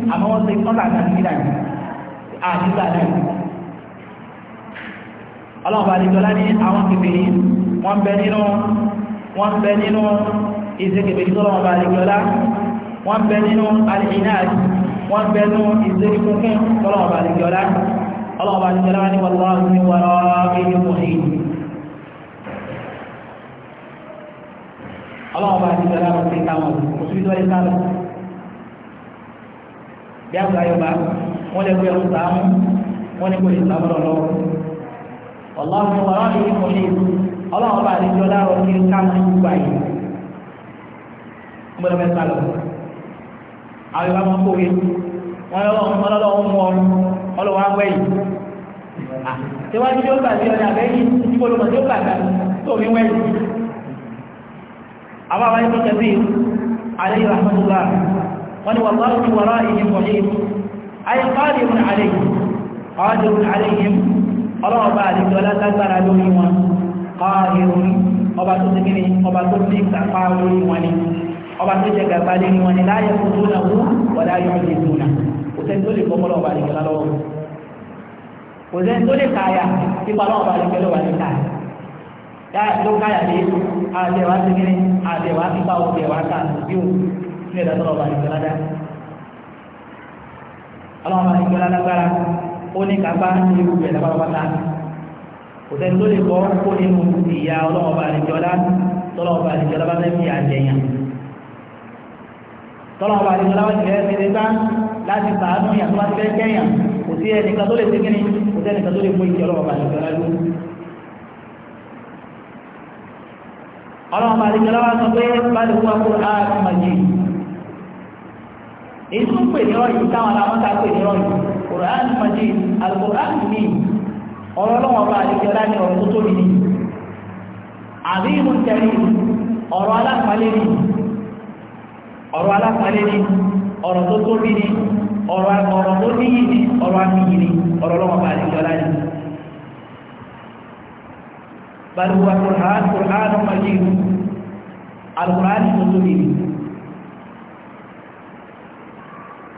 àwọn mí bẹnu ọlọ́ọ̀bá àdìjọlá ní àwọn kèfèrí wọ́n bẹ nínú wọ́n bẹ nínú ìṣe kèfèrí tọ́lọ́ọ̀bá àdìjọlá wọ́n bẹ nínú alìhìnáàdì wọ́n bẹ nínú ìṣe kíkún tọ́lọ́ọ̀bá àdìjọlá ọlọ́ọ̀bá àdìjọlá ní wàlúwàlú ní wàlúwàlú ọlọ́wọ́ bá ti bẹ̀rẹ̀ àwọn ìta wọn òṣìṣẹ́ tó lè sá lọ. bí àwọn ayọ̀bá wọ́n lè gbé wọ́n ní kò lè sá lọ́rọ̀ ọlọ́run ní ọ̀rọ̀ yìí kò ní ọlọ́run bá àdéjọ láàrọ̀ kí n káàmù gbà yìí gbọ́dọ̀ mẹ́ta lọ àwọn ìbá máa ń kó yìí wọ́n lọ́wọ́ mú ọ ọlọ́wọ́ awẹ́ yìí tẹwájú yóò gbà sí ọ̀nà àbẹ́yìn ìgbòlùmọ̀ tí ó gbà gbà tó mi wẹ́ yìí àwọn àwọn ìpínlẹ̀ bí عليه رحمة الله قال والله من ورائهم محيط أي قادر عليهم قادر عليهم ọlọ́ọ̀bá àdìsí ọlátàgbára lórí wọn ọ̀hìrùn ọba tó ti kíni ọba tó ní ìsàpá lórí wọn ni ọba tó jẹ gàgbà lórí wọn ni láyé kó tó náà wú wọ̀dá yóò lè tó náà kò sẹ́ni tó lè kọ́ ọlọ́ọ̀bá àdìsí ọlọ́wọ́ kò sẹ́ni tó lè káyà nípa ọlọ́ọ̀bá àdìsí ọlọ́wọ́ àdìsí ló káyà lé àdẹ̀wà ti kíni ó ní kápá irú rẹ̀ lápapátá kò sẹ́ni tó lè bọ́ kó nínú ìyá ọlọ́ọ̀bà àdìjọ́lá tọ́lọ́ọ̀bà àdìjọ́lá bá fẹ́ fi àjẹyàn tọ́lọ́ọ̀bà àdìjọ́lá wọ́n ti fẹ́ fi dẹ́gbá láti sàánú ìyàtọ̀ bá ti fẹ́ kẹ́yàn kò sí ẹnìkan tó lè ṣe kíni kò sí ẹnìkan tó lè mú ìjọ ọlọ́ọ̀bà àdìjọ́lá lóhùn ọlọ́ọ̀bà àdìjọ́lá wá sọ pé bá lè wá kó áàkì màjì èyí tó ń pè ní ọ̀yìn táwọn aláwọ̀ pè ní ọ̀yìn Quran Majid Al-Quran ni ọ̀rọ̀ ọlọ́wọ́ bá àdìjọ́lá ní ọ̀rọ̀ tó tóbi ni àbíhùn tẹ̀lé ọ̀rọ̀ alápàlẹ́ ni ọ̀rọ̀ alápàlẹ́ ni ọ̀rọ̀ tó tóbi ni ọ̀rọ̀ ọ̀rọ̀ tó níyì ni ọ̀rọ̀ amíyì ni ọ̀rọ̀ ọlọ́wọ́ bá àdìjọ́lá ni bal huwa Quran Quran Majid Al-Quran tó tóbi ni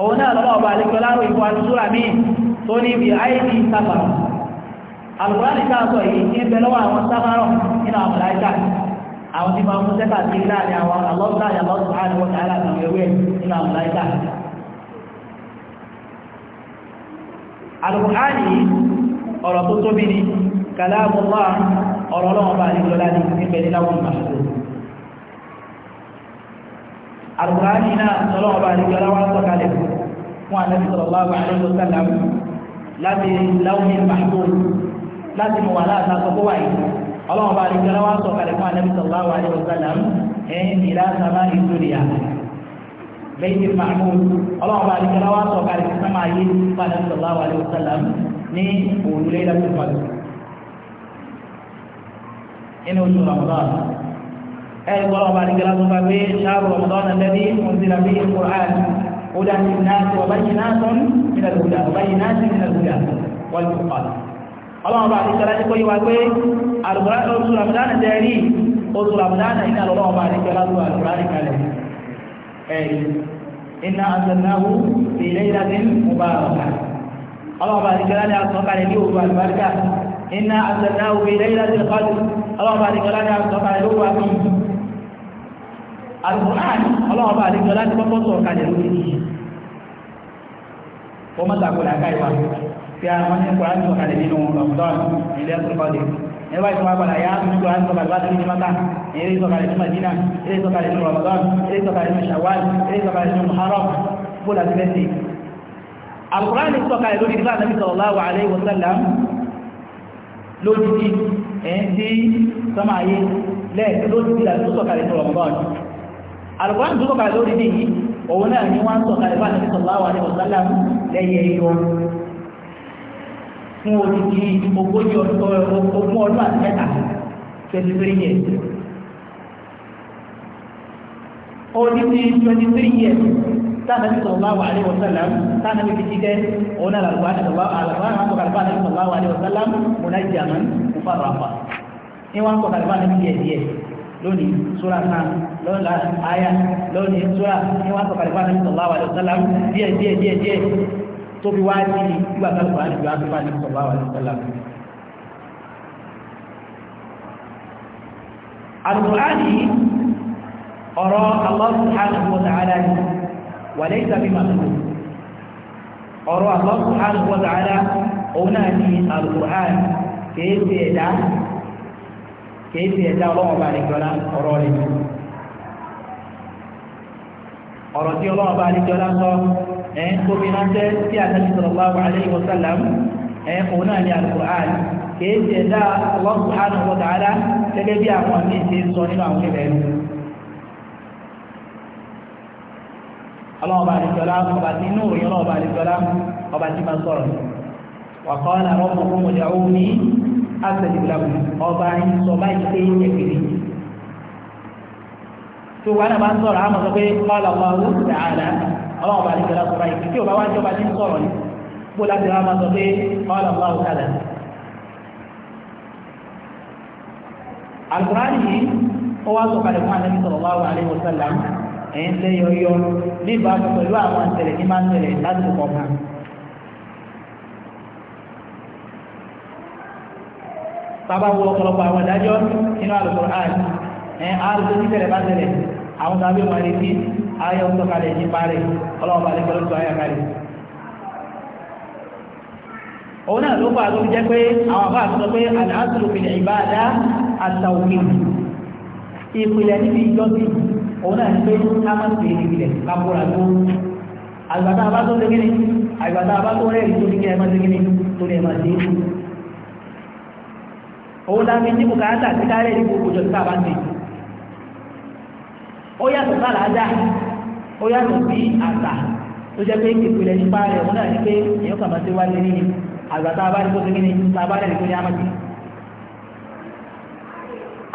òun náà ọba àlejò láàrùn ìfọ̀ àtúntúrà míì tó ní ibi àìdí sábàrọ̀ alùpùránì káàtọ̀ yìí ní ẹgbẹ́ lọ́wọ́ àwọn sábàrọ̀ nínú àwọn àwọn tí máa ń múṣẹ́ kàtí láàrin àwọn alọ́sùn àti alùpùránì náà tọ́lọ́wọ́ bá rí ọlá wá sọ̀kalẹ̀ fún ànábì sallallahu alaihi wasallam láti láwùmí mahbub láti mọ̀ wà láàtà sọ́kọ́ wáyé ọlọ́wọ́ bá rí ọlá wá sọ̀kalẹ̀ fún ànábì sallallahu alaihi wasallam ẹ̀yìn ìlà sábà ìdúrìyà bẹ́ẹ̀ni ẹ̀rí gbọ́dọ̀ ọba àdìgẹ́lá tó fà pé ṣáàrù ọ̀mọdọ́nà lẹ́bí ọ̀sìnlá bí kùrán hudan linnaasi wa bayyinaatun min al-huda wa bayyinaatun min al-huda wal furqan ọlọ́run bá àdìgẹ́lá ti kó yíwa pé àdùgbọ́lá oṣù ramadana jẹ́ rí oṣù ramadana iná lọ́wọ́ bá àdìgẹ́lá tó àdùgbọ́lá ní kalẹ̀ ẹ̀rí iná azannahu fi laylatin mubarakah ọlọ́run bá àdìgẹ́lá ní àtọ́kalẹ̀ alukur'an ọlọ́wọ́ bá àlejò láti kọ́kọ́ sọ̀rọ̀ kalẹ̀ lórí yìí ó mọ́ta kò láká ìwà tí a wọ́n ní kùrán sọ̀rọ̀ kalẹ̀ nínú Ramadan ilé ẹ̀sùn kọ́lẹ̀ nígbà tí wọ́n padà yá ní kùrán sọ̀rọ̀ kalẹ̀ láti ní mọ́ta eré sọ̀kalẹ̀ ní Madina eré sọ̀kalẹ̀ ní Ramadan eré sọ̀kalẹ̀ ní Shawwal eré sọ̀kalẹ̀ ní Muharram bó láti fẹ́ sí alukur'an sọ̀kalẹ̀ lórí nígbà Nabi sallallahu alaihi wasallam tí sọ́mà ayé lẹ́ẹ̀ lójijì láti sọ̀kalẹ̀ ní Ramadan alùpùpù tó kọ̀kà lórí ní yìí òun náà ni wọ́n ń sọ̀kà ìbá àti sọ̀láwà ní ọ̀sálà lẹ́yìn ẹ̀yọ fún òdìdí ogójì ogún ọdún àti mẹ́ta twenty three years òdìdí twenty three years tánàbí sọ̀láwà ní ọ̀sálà tánàbí fi jíjẹ́ òun náà alùpùpù àti sọ̀láwà ní ọ̀sálà mùnájàmán mùfàràfà ni wọ́n ń sọ̀kà ìbá àti díẹ̀ díẹ̀ lónìí sura kan lọ́la aya lónìí sura ní wọ́n sọ̀kalẹ̀ fún àdìsọ̀ láwà lọ́sọ́lá díẹ̀ díẹ̀ díẹ̀ díẹ̀ tó fi wá ní ìgbà sálùkù àdìsọ̀ láwà fún àdìsọ̀ láwà lọ́sọ́lá. àlùkùránì ọ̀rọ̀ Allah subhanahu wa ta'ala ni wà lẹ́yìn tàbí màmú ọ̀rọ̀ Allah subhanahu wa ta'ala òun náà ni àlùkùránì kìí ti ẹ̀dá ọlọ́wọ́ bá lè jọlá ọ̀rọ̀ rẹ̀ ọ̀rọ̀ tí ọlọ́wọ́ bá lè jọlá sọ ẹ̀ ń tóbi ránṣẹ́ sí àtàkì sallallahu alaihi wa sallam ẹ̀ òun náà ní al-Qur'an kìí ti ẹ̀dá Allah subhanahu wa ta'ala gẹ́gẹ́ bí àwọn àmì ti sọ nínú àwọn ìbẹ̀ ọlọ́wọ́ bá lè jọlá ọba tí inú òyìn ọlọ́wọ́ bá lè jọlá ọba tí máa sọ̀rọ̀ wa asẹ̀dìgbàgbọ̀ ọba yín sọ báyìí pé ẹ̀kìrì tó wà náà bá ń sọ̀rọ̀ àmọ́ sọ pé kọ́lá ọba ó ti dàda ọlọ́wọ́ bá nìkan lọ́sọ̀rọ̀ yìí tí ọba wá ń jọba ní sọ̀rọ̀ yìí kó láti wá máa sọ pé kọ́lá ọba ó kàdà. Al-Qur'an yìí ó wá sọ̀kalẹ̀ fún Ànábì sallallahu alaihi wasallam ẹ̀yìn lẹ́yọ̀ọ́yọ́ bàbá wo ọ̀pọ̀lọpọ̀ àwọn ìdájọ́ nínú Al-Qur'an ẹ̀ àrùtò tí tẹ̀lẹ̀ bá tẹ̀lẹ̀ àwọn tàbí wọn rí sí ayé ń sọ̀kalẹ̀ ní parí ọlọ́wọ́ bá lẹ́kọ̀ọ́ lóṣù ayé kalẹ̀ òun náà ló fà á tó jẹ́ pé àwọn àbá àti sọ pé al-aslu fil ibada at-tawhid ìpìlẹ̀ níbi ìjọsìn òun náà ní pé ká má sí ìpìlẹ̀ kápúra tó àgbàtà abá tó ṣe kíni àgbàtà abá tó rẹ̀ ìtòlíkẹ́ ẹ̀ má ṣe kíni tó lè má ṣe òun láti ní bùkátà sí kárẹ̀ ní gbogbo ìjọ sábà ń tèyí ó yàtọ̀ sára dá ó yàtọ̀ sí àgbà tó jẹ́ pé ìpìlẹ̀ nípa rẹ̀ wọ́n dàbí pé èèyàn kàn máa ti wá lórí àgbà tá a bá ní kó segin ní tá a bá ní kó ní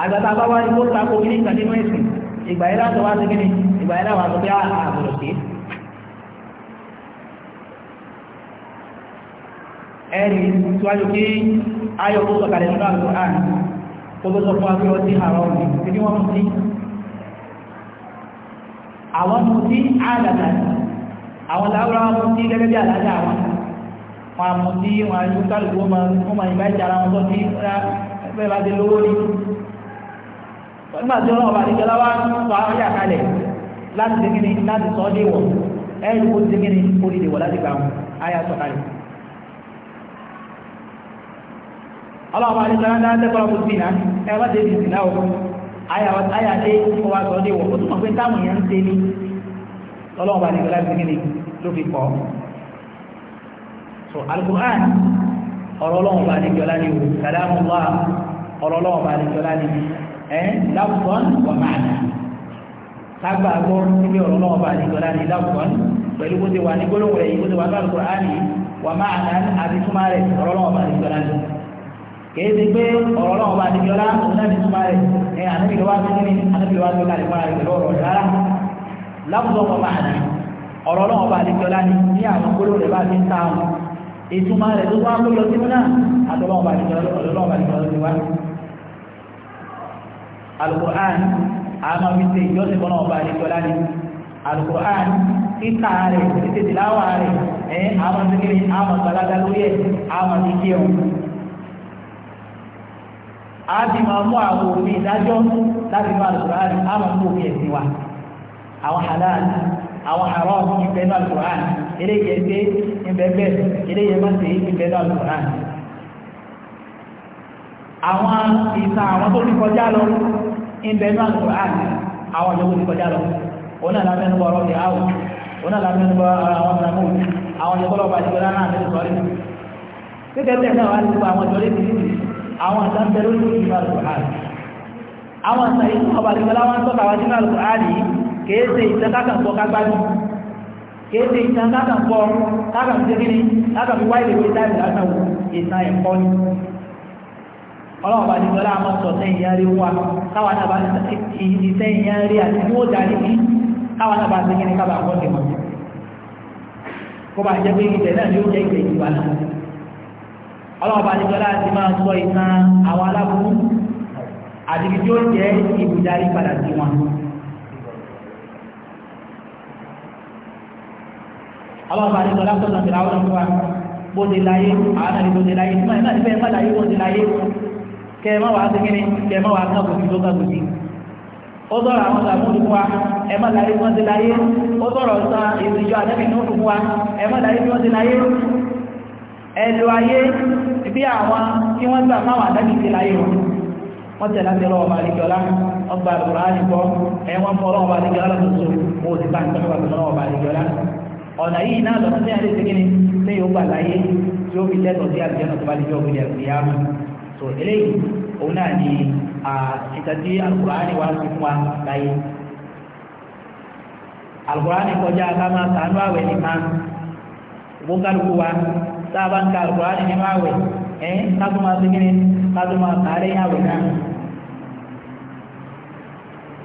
àgbà tá a bá wá kó ta ní ìgbà nínú ẹ̀sìn ìgbà yẹn láti wá segin ní ìgbà yẹn láwọn àgbà pé àbọ̀rọ̀ ah, ẹ̀rì tíwájú kí ayọ̀ tó sọ̀kalẹ̀ nínú àlùkò àrùn kó tó sọ fún akẹ́ ọtí àrọ̀ ọ̀rìn tí ní wọ́n ti àwọn mú sí àdàdà àwọn láwùrá mú sí gẹ́gẹ́ bí àdájá àwọn wọn mú sí wọn àyíkú kálùkù wọn máa ìgbà ìjà ara wọn tó sí bẹ́ẹ̀ bá ti lówó ní nígbà tí ọlọ́ọ̀bà àdìjọlá wá sọ ayà kalẹ̀ láti ṣe kíni láti sọ ọ́ déwọ̀ ẹ̀rù kó ṣe kíni ó lè wọ̀ láti gbà wọn ayà sọ ọlọ́ọ̀bá alẹ́sọ́lá náà tẹ́kọ̀ọ́ kò sínà ẹ bá ṣe bìí sínà ọkọ̀ ayàdé kó wá sọ dé wọ̀ ó túnmọ̀ pé táwọn èèyàn ń ṣe ló fi kọ́ so alukur'an ọ̀rọ̀ ọlọ́ọ̀bá alẹ́sọ́lá ni o kàdámù wá ọ̀rọ̀ ọlọ́ọ̀bá alẹ́sọ́lá ni ẹ láwùsọ̀n wà máàdà kágbà gbọ́ níbi ọ̀rọ̀ ọlọ́ọ̀bá alẹ́sọ́lá ni láwùsọ̀n pẹ̀lú bó ti wà ní gbólóhùn rẹ̀ yìí bó ti wà ní alukur'an yìí wà máàdà àti túmọ̀ rẹ̀ ọ̀rọ̀ ọlọ́ọ̀bá alẹ́sọ́lá ni kìí ṣe pé ọ̀rọ̀ náà wà níbi ọlá ọ̀nàbí tó máa rẹ̀ ẹ ànábì lọ́wọ́ sí kíni ànábì lọ́wọ́ sí kàlẹ́ máa rẹ̀ pẹ̀lú ọ̀rọ̀ rárá láwùjọ ọmọ máa nà ọ̀rọ̀ náà wà níbi ọlá ní ní àwọn gbólóhùn rẹ̀ bá fi ń ta àwọn ìtumọ̀ rẹ̀ tó wá lọ sí múná àtọ́lọ́wọ́ bá níbi ọlọ́wọ́ bá níbi ọlọ́wọ́ wá. alukur'an a máa fi ṣe ìjọsìn kọ́nà ọba níbi ọlá alukur'an kíkà rẹ̀ títí tìláwà rẹ̀ ẹ̀ àwọn síkiri àwọn gbalaga lórí ẹ̀ àwọn ìdí ẹ̀wọ̀n a ti máa mú àwọn ìdájọ́ láti máa a máa mú òfin ẹ̀sìn wa àwọn halal àwọn haram ìfẹ́ náà al eléyìí ẹgbẹ́ ìbẹ̀bẹ̀ eléyìí ẹgbẹ́ sí ìfẹ́ náà al àwọn ìtàn àwọn tó ti kọjá lọ náà àwọn ìjọba ti kọjá lọ òun náà ọ̀rọ̀ òun náà ah, àwọn àwọn ìjọba náà àwọn àtàǹtẹ̀ lórí ìlú alùpùpù àwọn àtàǹtẹ̀ yìí ọba àdìgbọ́lá wọn tọ́ka wá sínú alùpùpù kéèsè ìtàkàkàkọ́ kágbájú kéèsè ìtàkàkàkọ́ kágbàmùsẹ́gínní lágbàmù wáyé lè dáìlì látàwò ìtàn ẹ̀kọ́ ni ọlọ́ọ̀bà àdìgbọ́lá àmọ́ sọ sẹ́yìn yárí wà káwọn àbá ìsẹ́yìn yárí àti ní ó dàrí ní káwọn àbá sẹ́gínní kábàkọ́ ọlọ́ọ̀bá níjọ láti máa sọ ìtàn àwọn aláburú àdìbí tí ó jẹ́ ìbùdarí padà sí wọn ọlọ́ọ̀bá níjọ láti sọ̀tàn ìlà ọ̀nà fún wa bóde láyé àwọn àdìbò de láyé tí máa níbẹ̀ má láyé bóde láyé kẹ ẹ má wàá sí kíni kẹ ẹ má wàá kábò sí lókàbò ó sọ̀rọ̀ àwọn sàmúlù fún wa ẹ má láyé bóde láyé ó sọ̀rọ̀ sa ìrìnjọ àdẹ́bìnú fún ẹ̀lò ayé bí àwọn tí wọ́n gbà máwà dábìtì láyé wọn wọ́n tẹ̀lá ti lọ́wọ́ bá àdìjọ́ lá wọ́n gba àlùkò láàrín bọ́ ẹ̀wọ́n fọ́ lọ́wọ́ bá àdìjọ́ lá lọ́sọ̀tọ̀ mo bá nǹkan bá lọ́wọ́ bá àdìjọ́ lá ọ̀nà yìí a tá a bá ń ka àlùkùránì ní máa wẹ̀ ẹ́ kátó máa ṣe kíni kátó máa kà á lẹ́yìn àwẹ̀ náà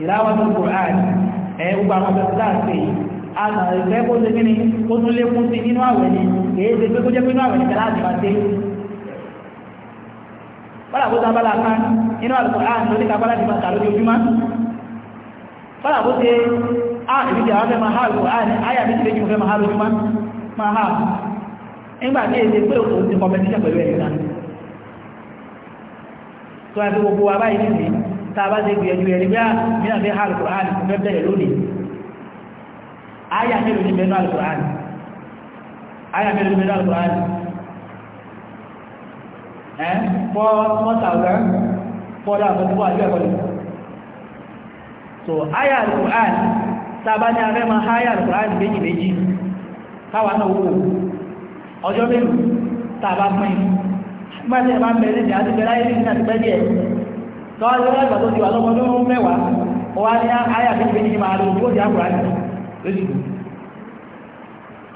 ìlàwọ̀ tó kùránì ẹ̀ gbogbo àwọn ọ̀sẹ̀ tá a ṣe yìí àgbà ìfẹ́ kó ṣe kíni kó tún lékún sí nínú àwẹ̀ ni èyí ṣe pé kó jẹ́ pé inú àwẹ̀ nìkan láti máa ṣe fọ́nà bó sábàlá kan inú àlùkùránì ló ní kápá láti máa kà lójoojúmọ́ fọ́nà bó ṣe ah, á ìbí nígbà tí èdè pé òun ti competition pẹ̀lú ẹ̀yìn náà tó wáyé pé gbogbo wa báyìí nìyí tá a bá ṣe gbìyànjú ẹ̀rí bí mìíràn fẹ́ ha alukur'an fẹ́ bẹ̀rẹ̀ lónìí àyà mélòó ni bẹ̀rẹ̀ alukur'an àyà mélòó ni alukur'an ẹ́ fọ́ mọ́tàlá fọ́dọ̀ àfẹ́fọ́ àjọ ẹ̀kọ́ so àyà alukur'an tá a bá ní abẹ́ máa ha àyà alukur'an méjì méjì káwa náà wò ọjọ́ mélòó tàbá pín mẹ́tẹ̀ bá bẹ̀rẹ̀ ní àti bẹ̀rẹ̀ ayé ní àti bẹ́ẹ̀ tọ́wọ́ yóò lágbà tó ti wà lọ́mọdún mẹ́wàá ó wá ní àyà méjì méjì máa lò ó di àkùrá ní lóṣù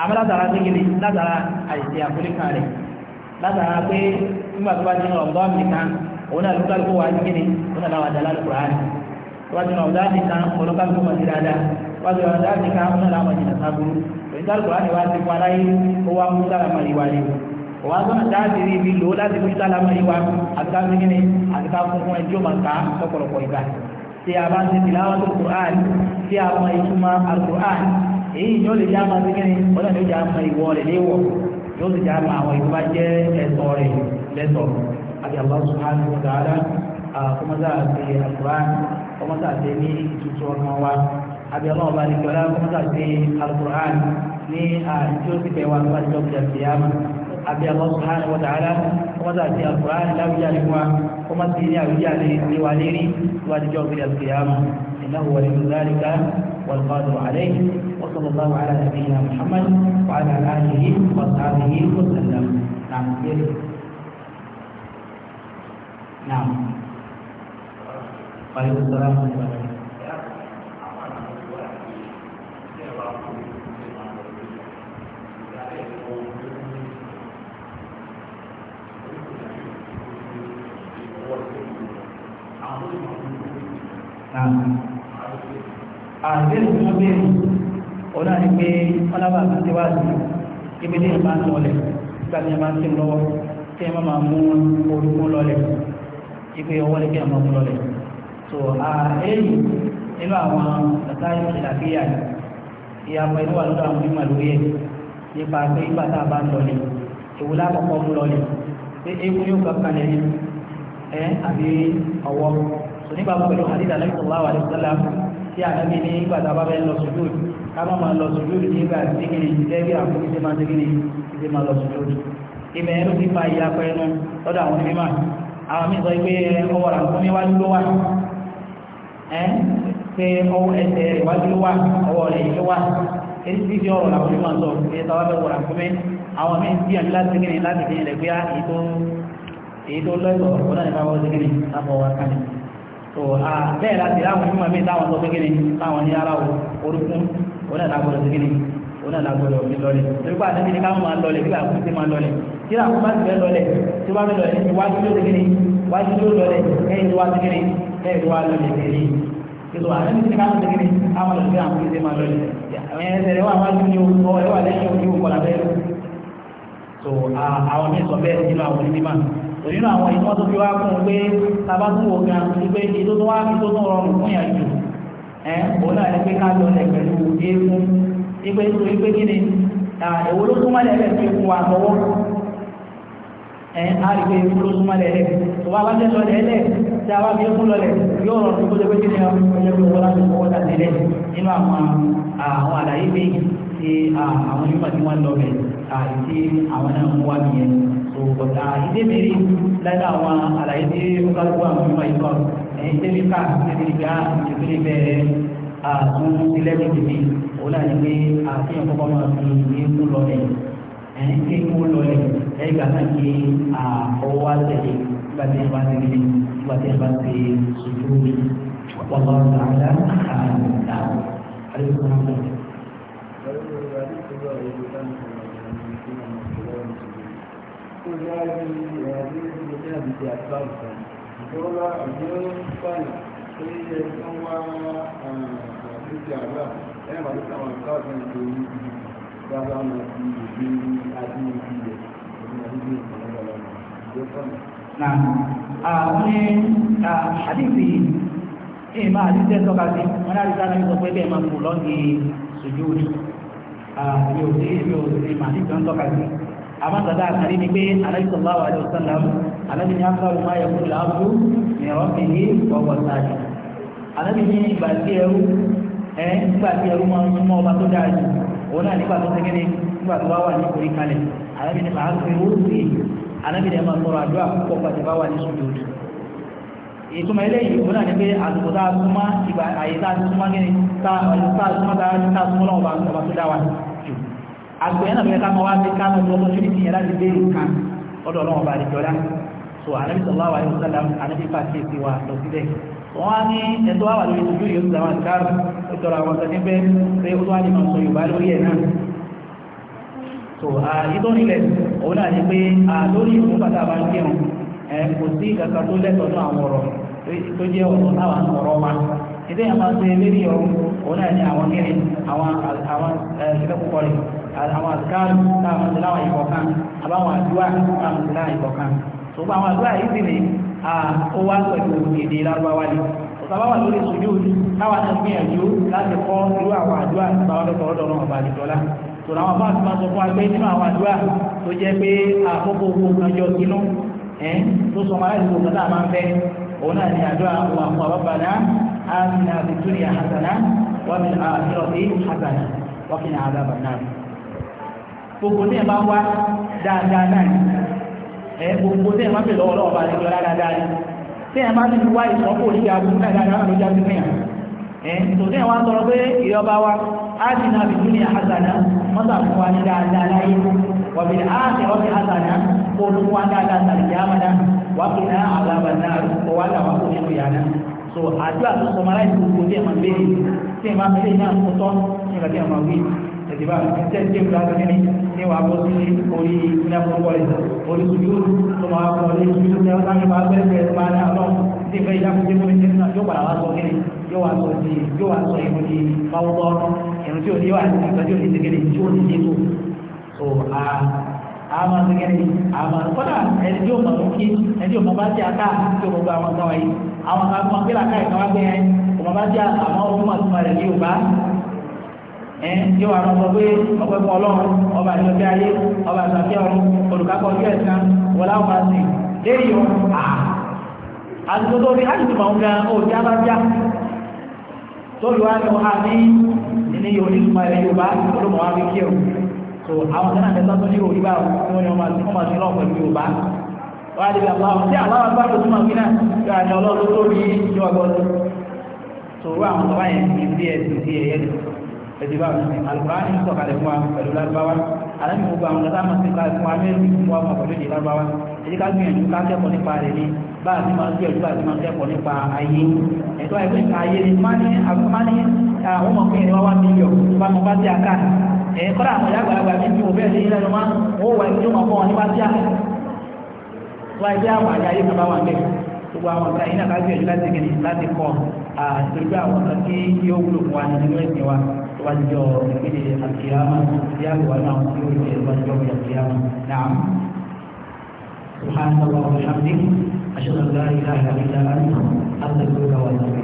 àmọ́ látara gbégele látara àìsí àforíkà rẹ̀ látara pé nígbà tó bá ti ní ọ̀gbọ́n mi kan òun náà ló kálukú wá gbégele òun náà láwàdà lálùkùrá rẹ̀ tó bá ti ní ọ̀gbọ́n mi kan òun ló kálukú mọ̀ sí dáadáa tó bá ti ní ọ̀gbọ́n mi kan òun náà láwàdà ìdálùkù láti wá ti pa láyé ó wá mú sálàmà ìwà ni òwá sọ́nà dáàbì rí ibi lò láti mú sálàmà ìwà àtúkà sígínì àtúkà funfun ẹjọ́ máa ta lọ́pọ̀lọpọ̀ ìgbà tí a bá ń ṣe tìláwà tó kùrán tí a mọ ìtumọ̀ alukùrán èyí ni ó lè já máa sígínì ọ̀nà ni ó já máa ìwọ rẹ̀ léwọ̀ yóò sì já máa àwọn ìwà jẹ́ ẹ̀tọ́ rẹ̀ lẹ́tọ̀ àti Allah subhanahu wa ta'ala kọ́mọ́sá àti alukùrán kọ́mọ́sá àti wa أبي الله بارك ولاه مختار في القرآن ني أشوف في وان ما شوف جل سيام أبي الله سبحانه وتعالى مختار في القرآن لا يجاري ما وما تيني أبي جاري في واليري وان شوف جل سيام إنه ولي ذلك والقادر عليه وصلى الله على نبينا محمد وعلى آله وصحبه وسلم نعم يلي. نعم وعليكم السلام ورحمة الله àgbẹ̀rù tó bẹ̀rù ọ̀nà ni pé ọlábà kan ti wá sí ibi tí ìbá ń lọlẹ̀ nígbà tí ìbá ń ti lọ́wọ́ tí ìbá máa mú orúkún lọlẹ̀ ibi ọwọ́ lè kí ìbá mú lọlẹ̀ tó àárín nínú àwọn tata ìlàfíà ìyàpọ̀ inú wà lọ́dọ̀ àwọn onímọ̀ lórí ẹ̀ nípa pé ìgbà tá a bá ń lọlẹ̀ èwo lákọ̀ọ́kọ́ mú lọlẹ̀ pé ewu yóò kankan lẹ́yìn ẹ àbí ọwọ́ oníbàbọ̀ pẹ̀lú hadith anabi sallallahu alayhi wa sallam tí anabi ní ìgbà tá a bá fẹ́ lọ sùjúd ká má máa lọ sùjúd nígbà tí kìíní ìjẹ́ bí àwọn ìṣe máa ṣe kìíní ìṣe máa lọ sùjúd ìmẹ̀ ẹ̀rù ti fa ìyá pẹ́ẹ́nu lọ́dọ̀ àwọn onímọ̀ àwọn mi sọ pé ọwọ́ rà fún mi wájú ló wà ẹ́ pé ọwọ́ ẹsẹ̀ rẹ̀ wájú ló wà ọwọ́ rẹ̀ ló wà èyí tí ọ̀rọ̀ làwọn onímọ̀ sọ pé táwọn fẹ́ wọ̀ fún mi àwọn mi bí àmì láti kìíní láti kìíní rẹ̀ pé ah, èyí tó lọ́ẹ̀tọ̀ ọ̀pọ̀ náà ní káwọn ṣe kìíní lábọ̀ wá kálí Ah, bẹ́ẹ̀ láti láwọn onímọ̀ mi táwọn sọ pékinni táwọn ní ara orúkún onáà lágbọ́dọ̀ pékinni onáà lágbọ́dọ̀ mi lọlẹ̀ torípa àti ní káwọn máa lọlẹ̀ bíbà kú sí máa lọlẹ̀ tí làwọn bá ti fẹ́ lọlẹ̀ tí wọ́n fi lọlẹ̀ iwájú ló pékinni iwájú ló lọlẹ̀ ẹ̀yìn tó wá pékinni ẹ̀yìn tó wá lọlẹ̀ pékinni ìlú àwọn ẹni tí káwọn pékinni àwọn olùgbé àwọn kìí sí máa lọlẹ̀ àwọn ẹni tẹ̀lé wọn àwọn ní owó ẹwà lẹ́yìn òní òkọlà bẹ́ẹ̀ so àwọn mi sọ bẹ́ẹ̀ nínú àwọn onímọ̀ nínú àwọn ìlú wọn tó fi wá fún un pé tábà tún wò gan ni pé ètò tó wá fi tó tún rọrùn fún yàn jù ẹ òun náà ní pé ká lọ lẹ pẹ̀lú eégún ipe tó ipe kí ni èwo ló súnmọ́ lẹ́lẹ̀ fi fún wa lọ́wọ́ ẹ á rí pé èwo ló súnmọ́ lẹ́lẹ̀ tó bá wá jẹ́ lọ lẹ́lẹ̀ tí a bá fi eégún lọ lẹ̀ yóò rọrùn tó jẹ́ pé kí ni ọjọ́ pé wọ́n láti fọwọ́ dà sílẹ̀ nínú àwọn àwọn àlàyé bíi ti àwọn onímọ̀ tí wọ́n lọ bẹ̀ àti àwọn náà ń wá nìyẹn ọ̀tà ìdébí rí lára àwọn àlàyé tí ó kálukú àwọn ọmọ ìkọ ẹ̀yìn tẹ́lẹ̀ ká tẹ́lẹ̀ gbá ìpínlẹ̀ bẹ́ẹ̀ àtún ìlẹ́gbẹ̀ẹ́ tèmi òun náà ni pé àfihàn kọ́kọ́ máa fi ní kú lọ ẹ̀ ẹ̀yìn tí kú lọ ẹ̀ ẹ̀yìn gbà náà kí ọwọ́ wa tẹ̀lé nígbà tí ẹ bá ti rí nígbà tí ẹ bá ti sùdúró mi tó yá rí ẹ̀rí ìgbésẹ̀ àbíjẹ́ àtúbà ìfẹ́ ìjọba ìjọba ìfẹ́ tó yẹ kí wọ́n wá àbíjẹ́ àbá ẹ̀ máa tẹ́tà wọn ká ọ̀sán ìjọ orí ibi dáadáa máa fi ìgbé adé ibi rẹ̀ ọdún àdúgbò ìpínlẹ̀ ọlọ́run ìjọba na àdìsí yìí máa àdìsẹ́ sọ́ka sí wọn láti sáré sọ pé bẹ́ẹ̀ máa kù lọ́ọ̀dì sójú òní ah, àbí òsè èmi òsè màdìsẹ́ ń tọ́ka sí àbáṣadá àkàrí ni pé aláìsọ̀lá wà ní ọ̀sánlá alábi ní afárò máa yẹ kúrò láàbù ní ọ̀rọ̀ ní ọwọ́ sáàjì alábi ní ìgbà tí ẹrú ẹ nígbà tí ẹrú máa ń súnmọ́ ọba tó dáa jù òun náà nígbà tó tẹ́gẹ́ ní nígbà tó bá wà ní orí kalẹ̀ alábi ní bàá fi owó sí i alábi ní ẹ máa sọ̀rọ̀ àdúrà púpọ̀ pàtẹ bá wà ní sùdòdù ìtumọ̀ eléyìí òun náà ní pé àsìkò tá a súnmọ́ ìgbà àyè tá a súnmọ́ àgbẹ̀ náà fẹ́ ká máa wá sí ká máa lọ́tọ́ sí ìyẹn láti dé nǹkan ọ̀dọ̀ ọlọ́run bá rí jọlá so anabi sallallahu alayhi wa sallam anabi fàṣẹ sí wa lọ síbẹ̀ wọ́n á ní ẹ̀tọ́ wà lórí ojú yóò sàmà káàrù ìtọ́ra àwọn ọ̀sán níbẹ̀ pé ó wá ní máa sọ yorùbá lórí ẹ̀ náà so ìtọ́ nílẹ̀ òun náà ní pé lórí ìfún bàtà bá ń kírun kò sí ìkàkà tó lẹ́tọ̀ọ́ náà àwọn ọ̀rọ̀ tó jẹ́ ọ̀rọ̀ táwa ń ọ̀rọ̀ wa ìdí àwọn ṣe lérí ọ̀rọ̀ òun náà ní àwọn nírin àwọn ṣẹlẹ̀ púpọ̀ rẹ̀ àwọn àdúgbò táwọn ti láwọn ìkọ̀kan àbáwọn àdúrà táwọn ti láwọn ìkọ̀kan tó bá àwọn àdúrà yìí sì ni ó wá pẹ̀lú èdè lárúbáwá ni ọ̀sàbá wà lórí sùjúd táwọn náà gbìyànjú láti kọ́ irú àwọn àdúrà táwọn lọ́kọ̀ ọ̀dọ̀ ọ̀rọ̀ ọ̀bà àdìjọ́lá tòrò àwọn bá ti máa sọ fún wa pé nínú àwọn àdúrà tó jẹ́ pé àkókò owó kan jọ kínú ẹ̀ tó sọ máa láti gbogbo náà máa ń fẹ́ òun náà ni àdúrà àwọn àpò àbábàdá àmì àbìtúrì àhàtàná wàmì àbírọ̀tì àhàtàná wàkìnà àdàbà náà gbogbo ní ẹ̀bá wá dáadáa náà ní ẹ̀ gbogbo ní ẹ̀bá pẹ̀lú ọlọ́ọ̀bá ní ìjọ dáadáa ní tí ẹ̀bá ti wá ìsọ́kò ní ìyàwó dáadáa ló jáde ní ẹ̀ tó ní ẹ̀wá tọrọ pé ìjọba wa á ti náà fi dúnìyà hasana wọ́n sà fún wa ní dáadáa láyé wàbí á ti rọ́ọ̀tì hasana kó ló wá dáadáa sàlìkì àmàdá wà fi náà àlàbà náà kó wá làwà kó ní ìyá náà so àjọ àtúnṣe ọmọ aláìsí gbogbo tí ẹ máa béèrè tí ẹ máa béèrè náà kó tọ́ nígbà tí ẹ máa wí ẹ̀dìbà tẹ́tí ẹ̀ ní wàá bọ́ sí orí ilé ẹ̀kọ́ rẹ̀ orí sùdúrù tó máa kọ́ orí sùdúrù ní ọ̀sán ní máa bẹ́ẹ̀ bẹ́ẹ̀ máa ní àlọ́ ní ìfẹ́ ìdákùnjẹ́ mọ́ ìṣẹ́ náà yóò padà wá sọ kíni yóò wá sọ di yóò wá sọ ìmọ̀ di báwọ́tọ́ ẹ̀rù tí ò ní wà ní ìgbàdí òní ti kíni tí ó ti ṣe tó so a a máa ti kíni a máa kọ́dà ẹni tí ó mọ̀ ló kí ẹni tí ó mọ̀ bá ti àká tí ó mọ̀ gbọ́ àwọn kan wáyé àwọn kan mọ̀ yóò wà lọ́wọ́ pé ọ̀pẹ́ fún ọlọ́run ọba àjọkẹ́ ayé ọba àjọkẹ́ ọ̀run olùkápọ̀ ojú ẹ̀sán wọlé àwọn máa sìn léyìí àtúntò tó rí àtúntò máa ń òjì abájá tó lù wá ní ní ilẹ̀ Yorùbá tó mọ̀ wá kí so àwọn tó ní òrí bá wọn ni wọ́n máa ti ẹ̀dìbà alùpàá ní sọ̀kalẹ̀ fún wa pẹ̀lú lárúbáwá alámi gbogbo àwọn ọ̀gá máa ti ká fún wa mẹ́rin fún wa pẹ̀lú èdè lárúbáwá èdè ká gbìyànjú ká kẹ́kọ̀ọ́ nípa rẹ̀ ni bá a ti máa ń gbìyànjú bá a ti máa ń kẹ́kọ̀ọ́ nípa ayé ẹ̀tọ́ ẹgbẹ́ ayé ni má ní àwọn ọmọkùnrin wa wá mílíọ̀ bá mo bá ti àká ẹ̀ kọ́ra àwọn ìyàgbàlagbà mi ti òbẹ́ ẹ̀dẹ́ ilẹ̀ lọ́mọ ó wà ní ọmọ fún wọn ní bá ti àká
wá ẹgbẹ́ àwọn àyè ayé kan bá wà mẹ́rin
gbogbo àwọn ọ̀gá yìí náà ká gbìyànjú láti kọ́ àtòjú àwọn kan tí yóò wúlò fún wa nínú ẹ̀sìn wa wájọ ìkéde àkìyàmà tí a lò wá náà tí ó yẹ wájọ àkìyàmà náà. سبحانك اللهم وبحمدك أشهد أن لا إله إلا أنت أستغفرك وأتوب إليك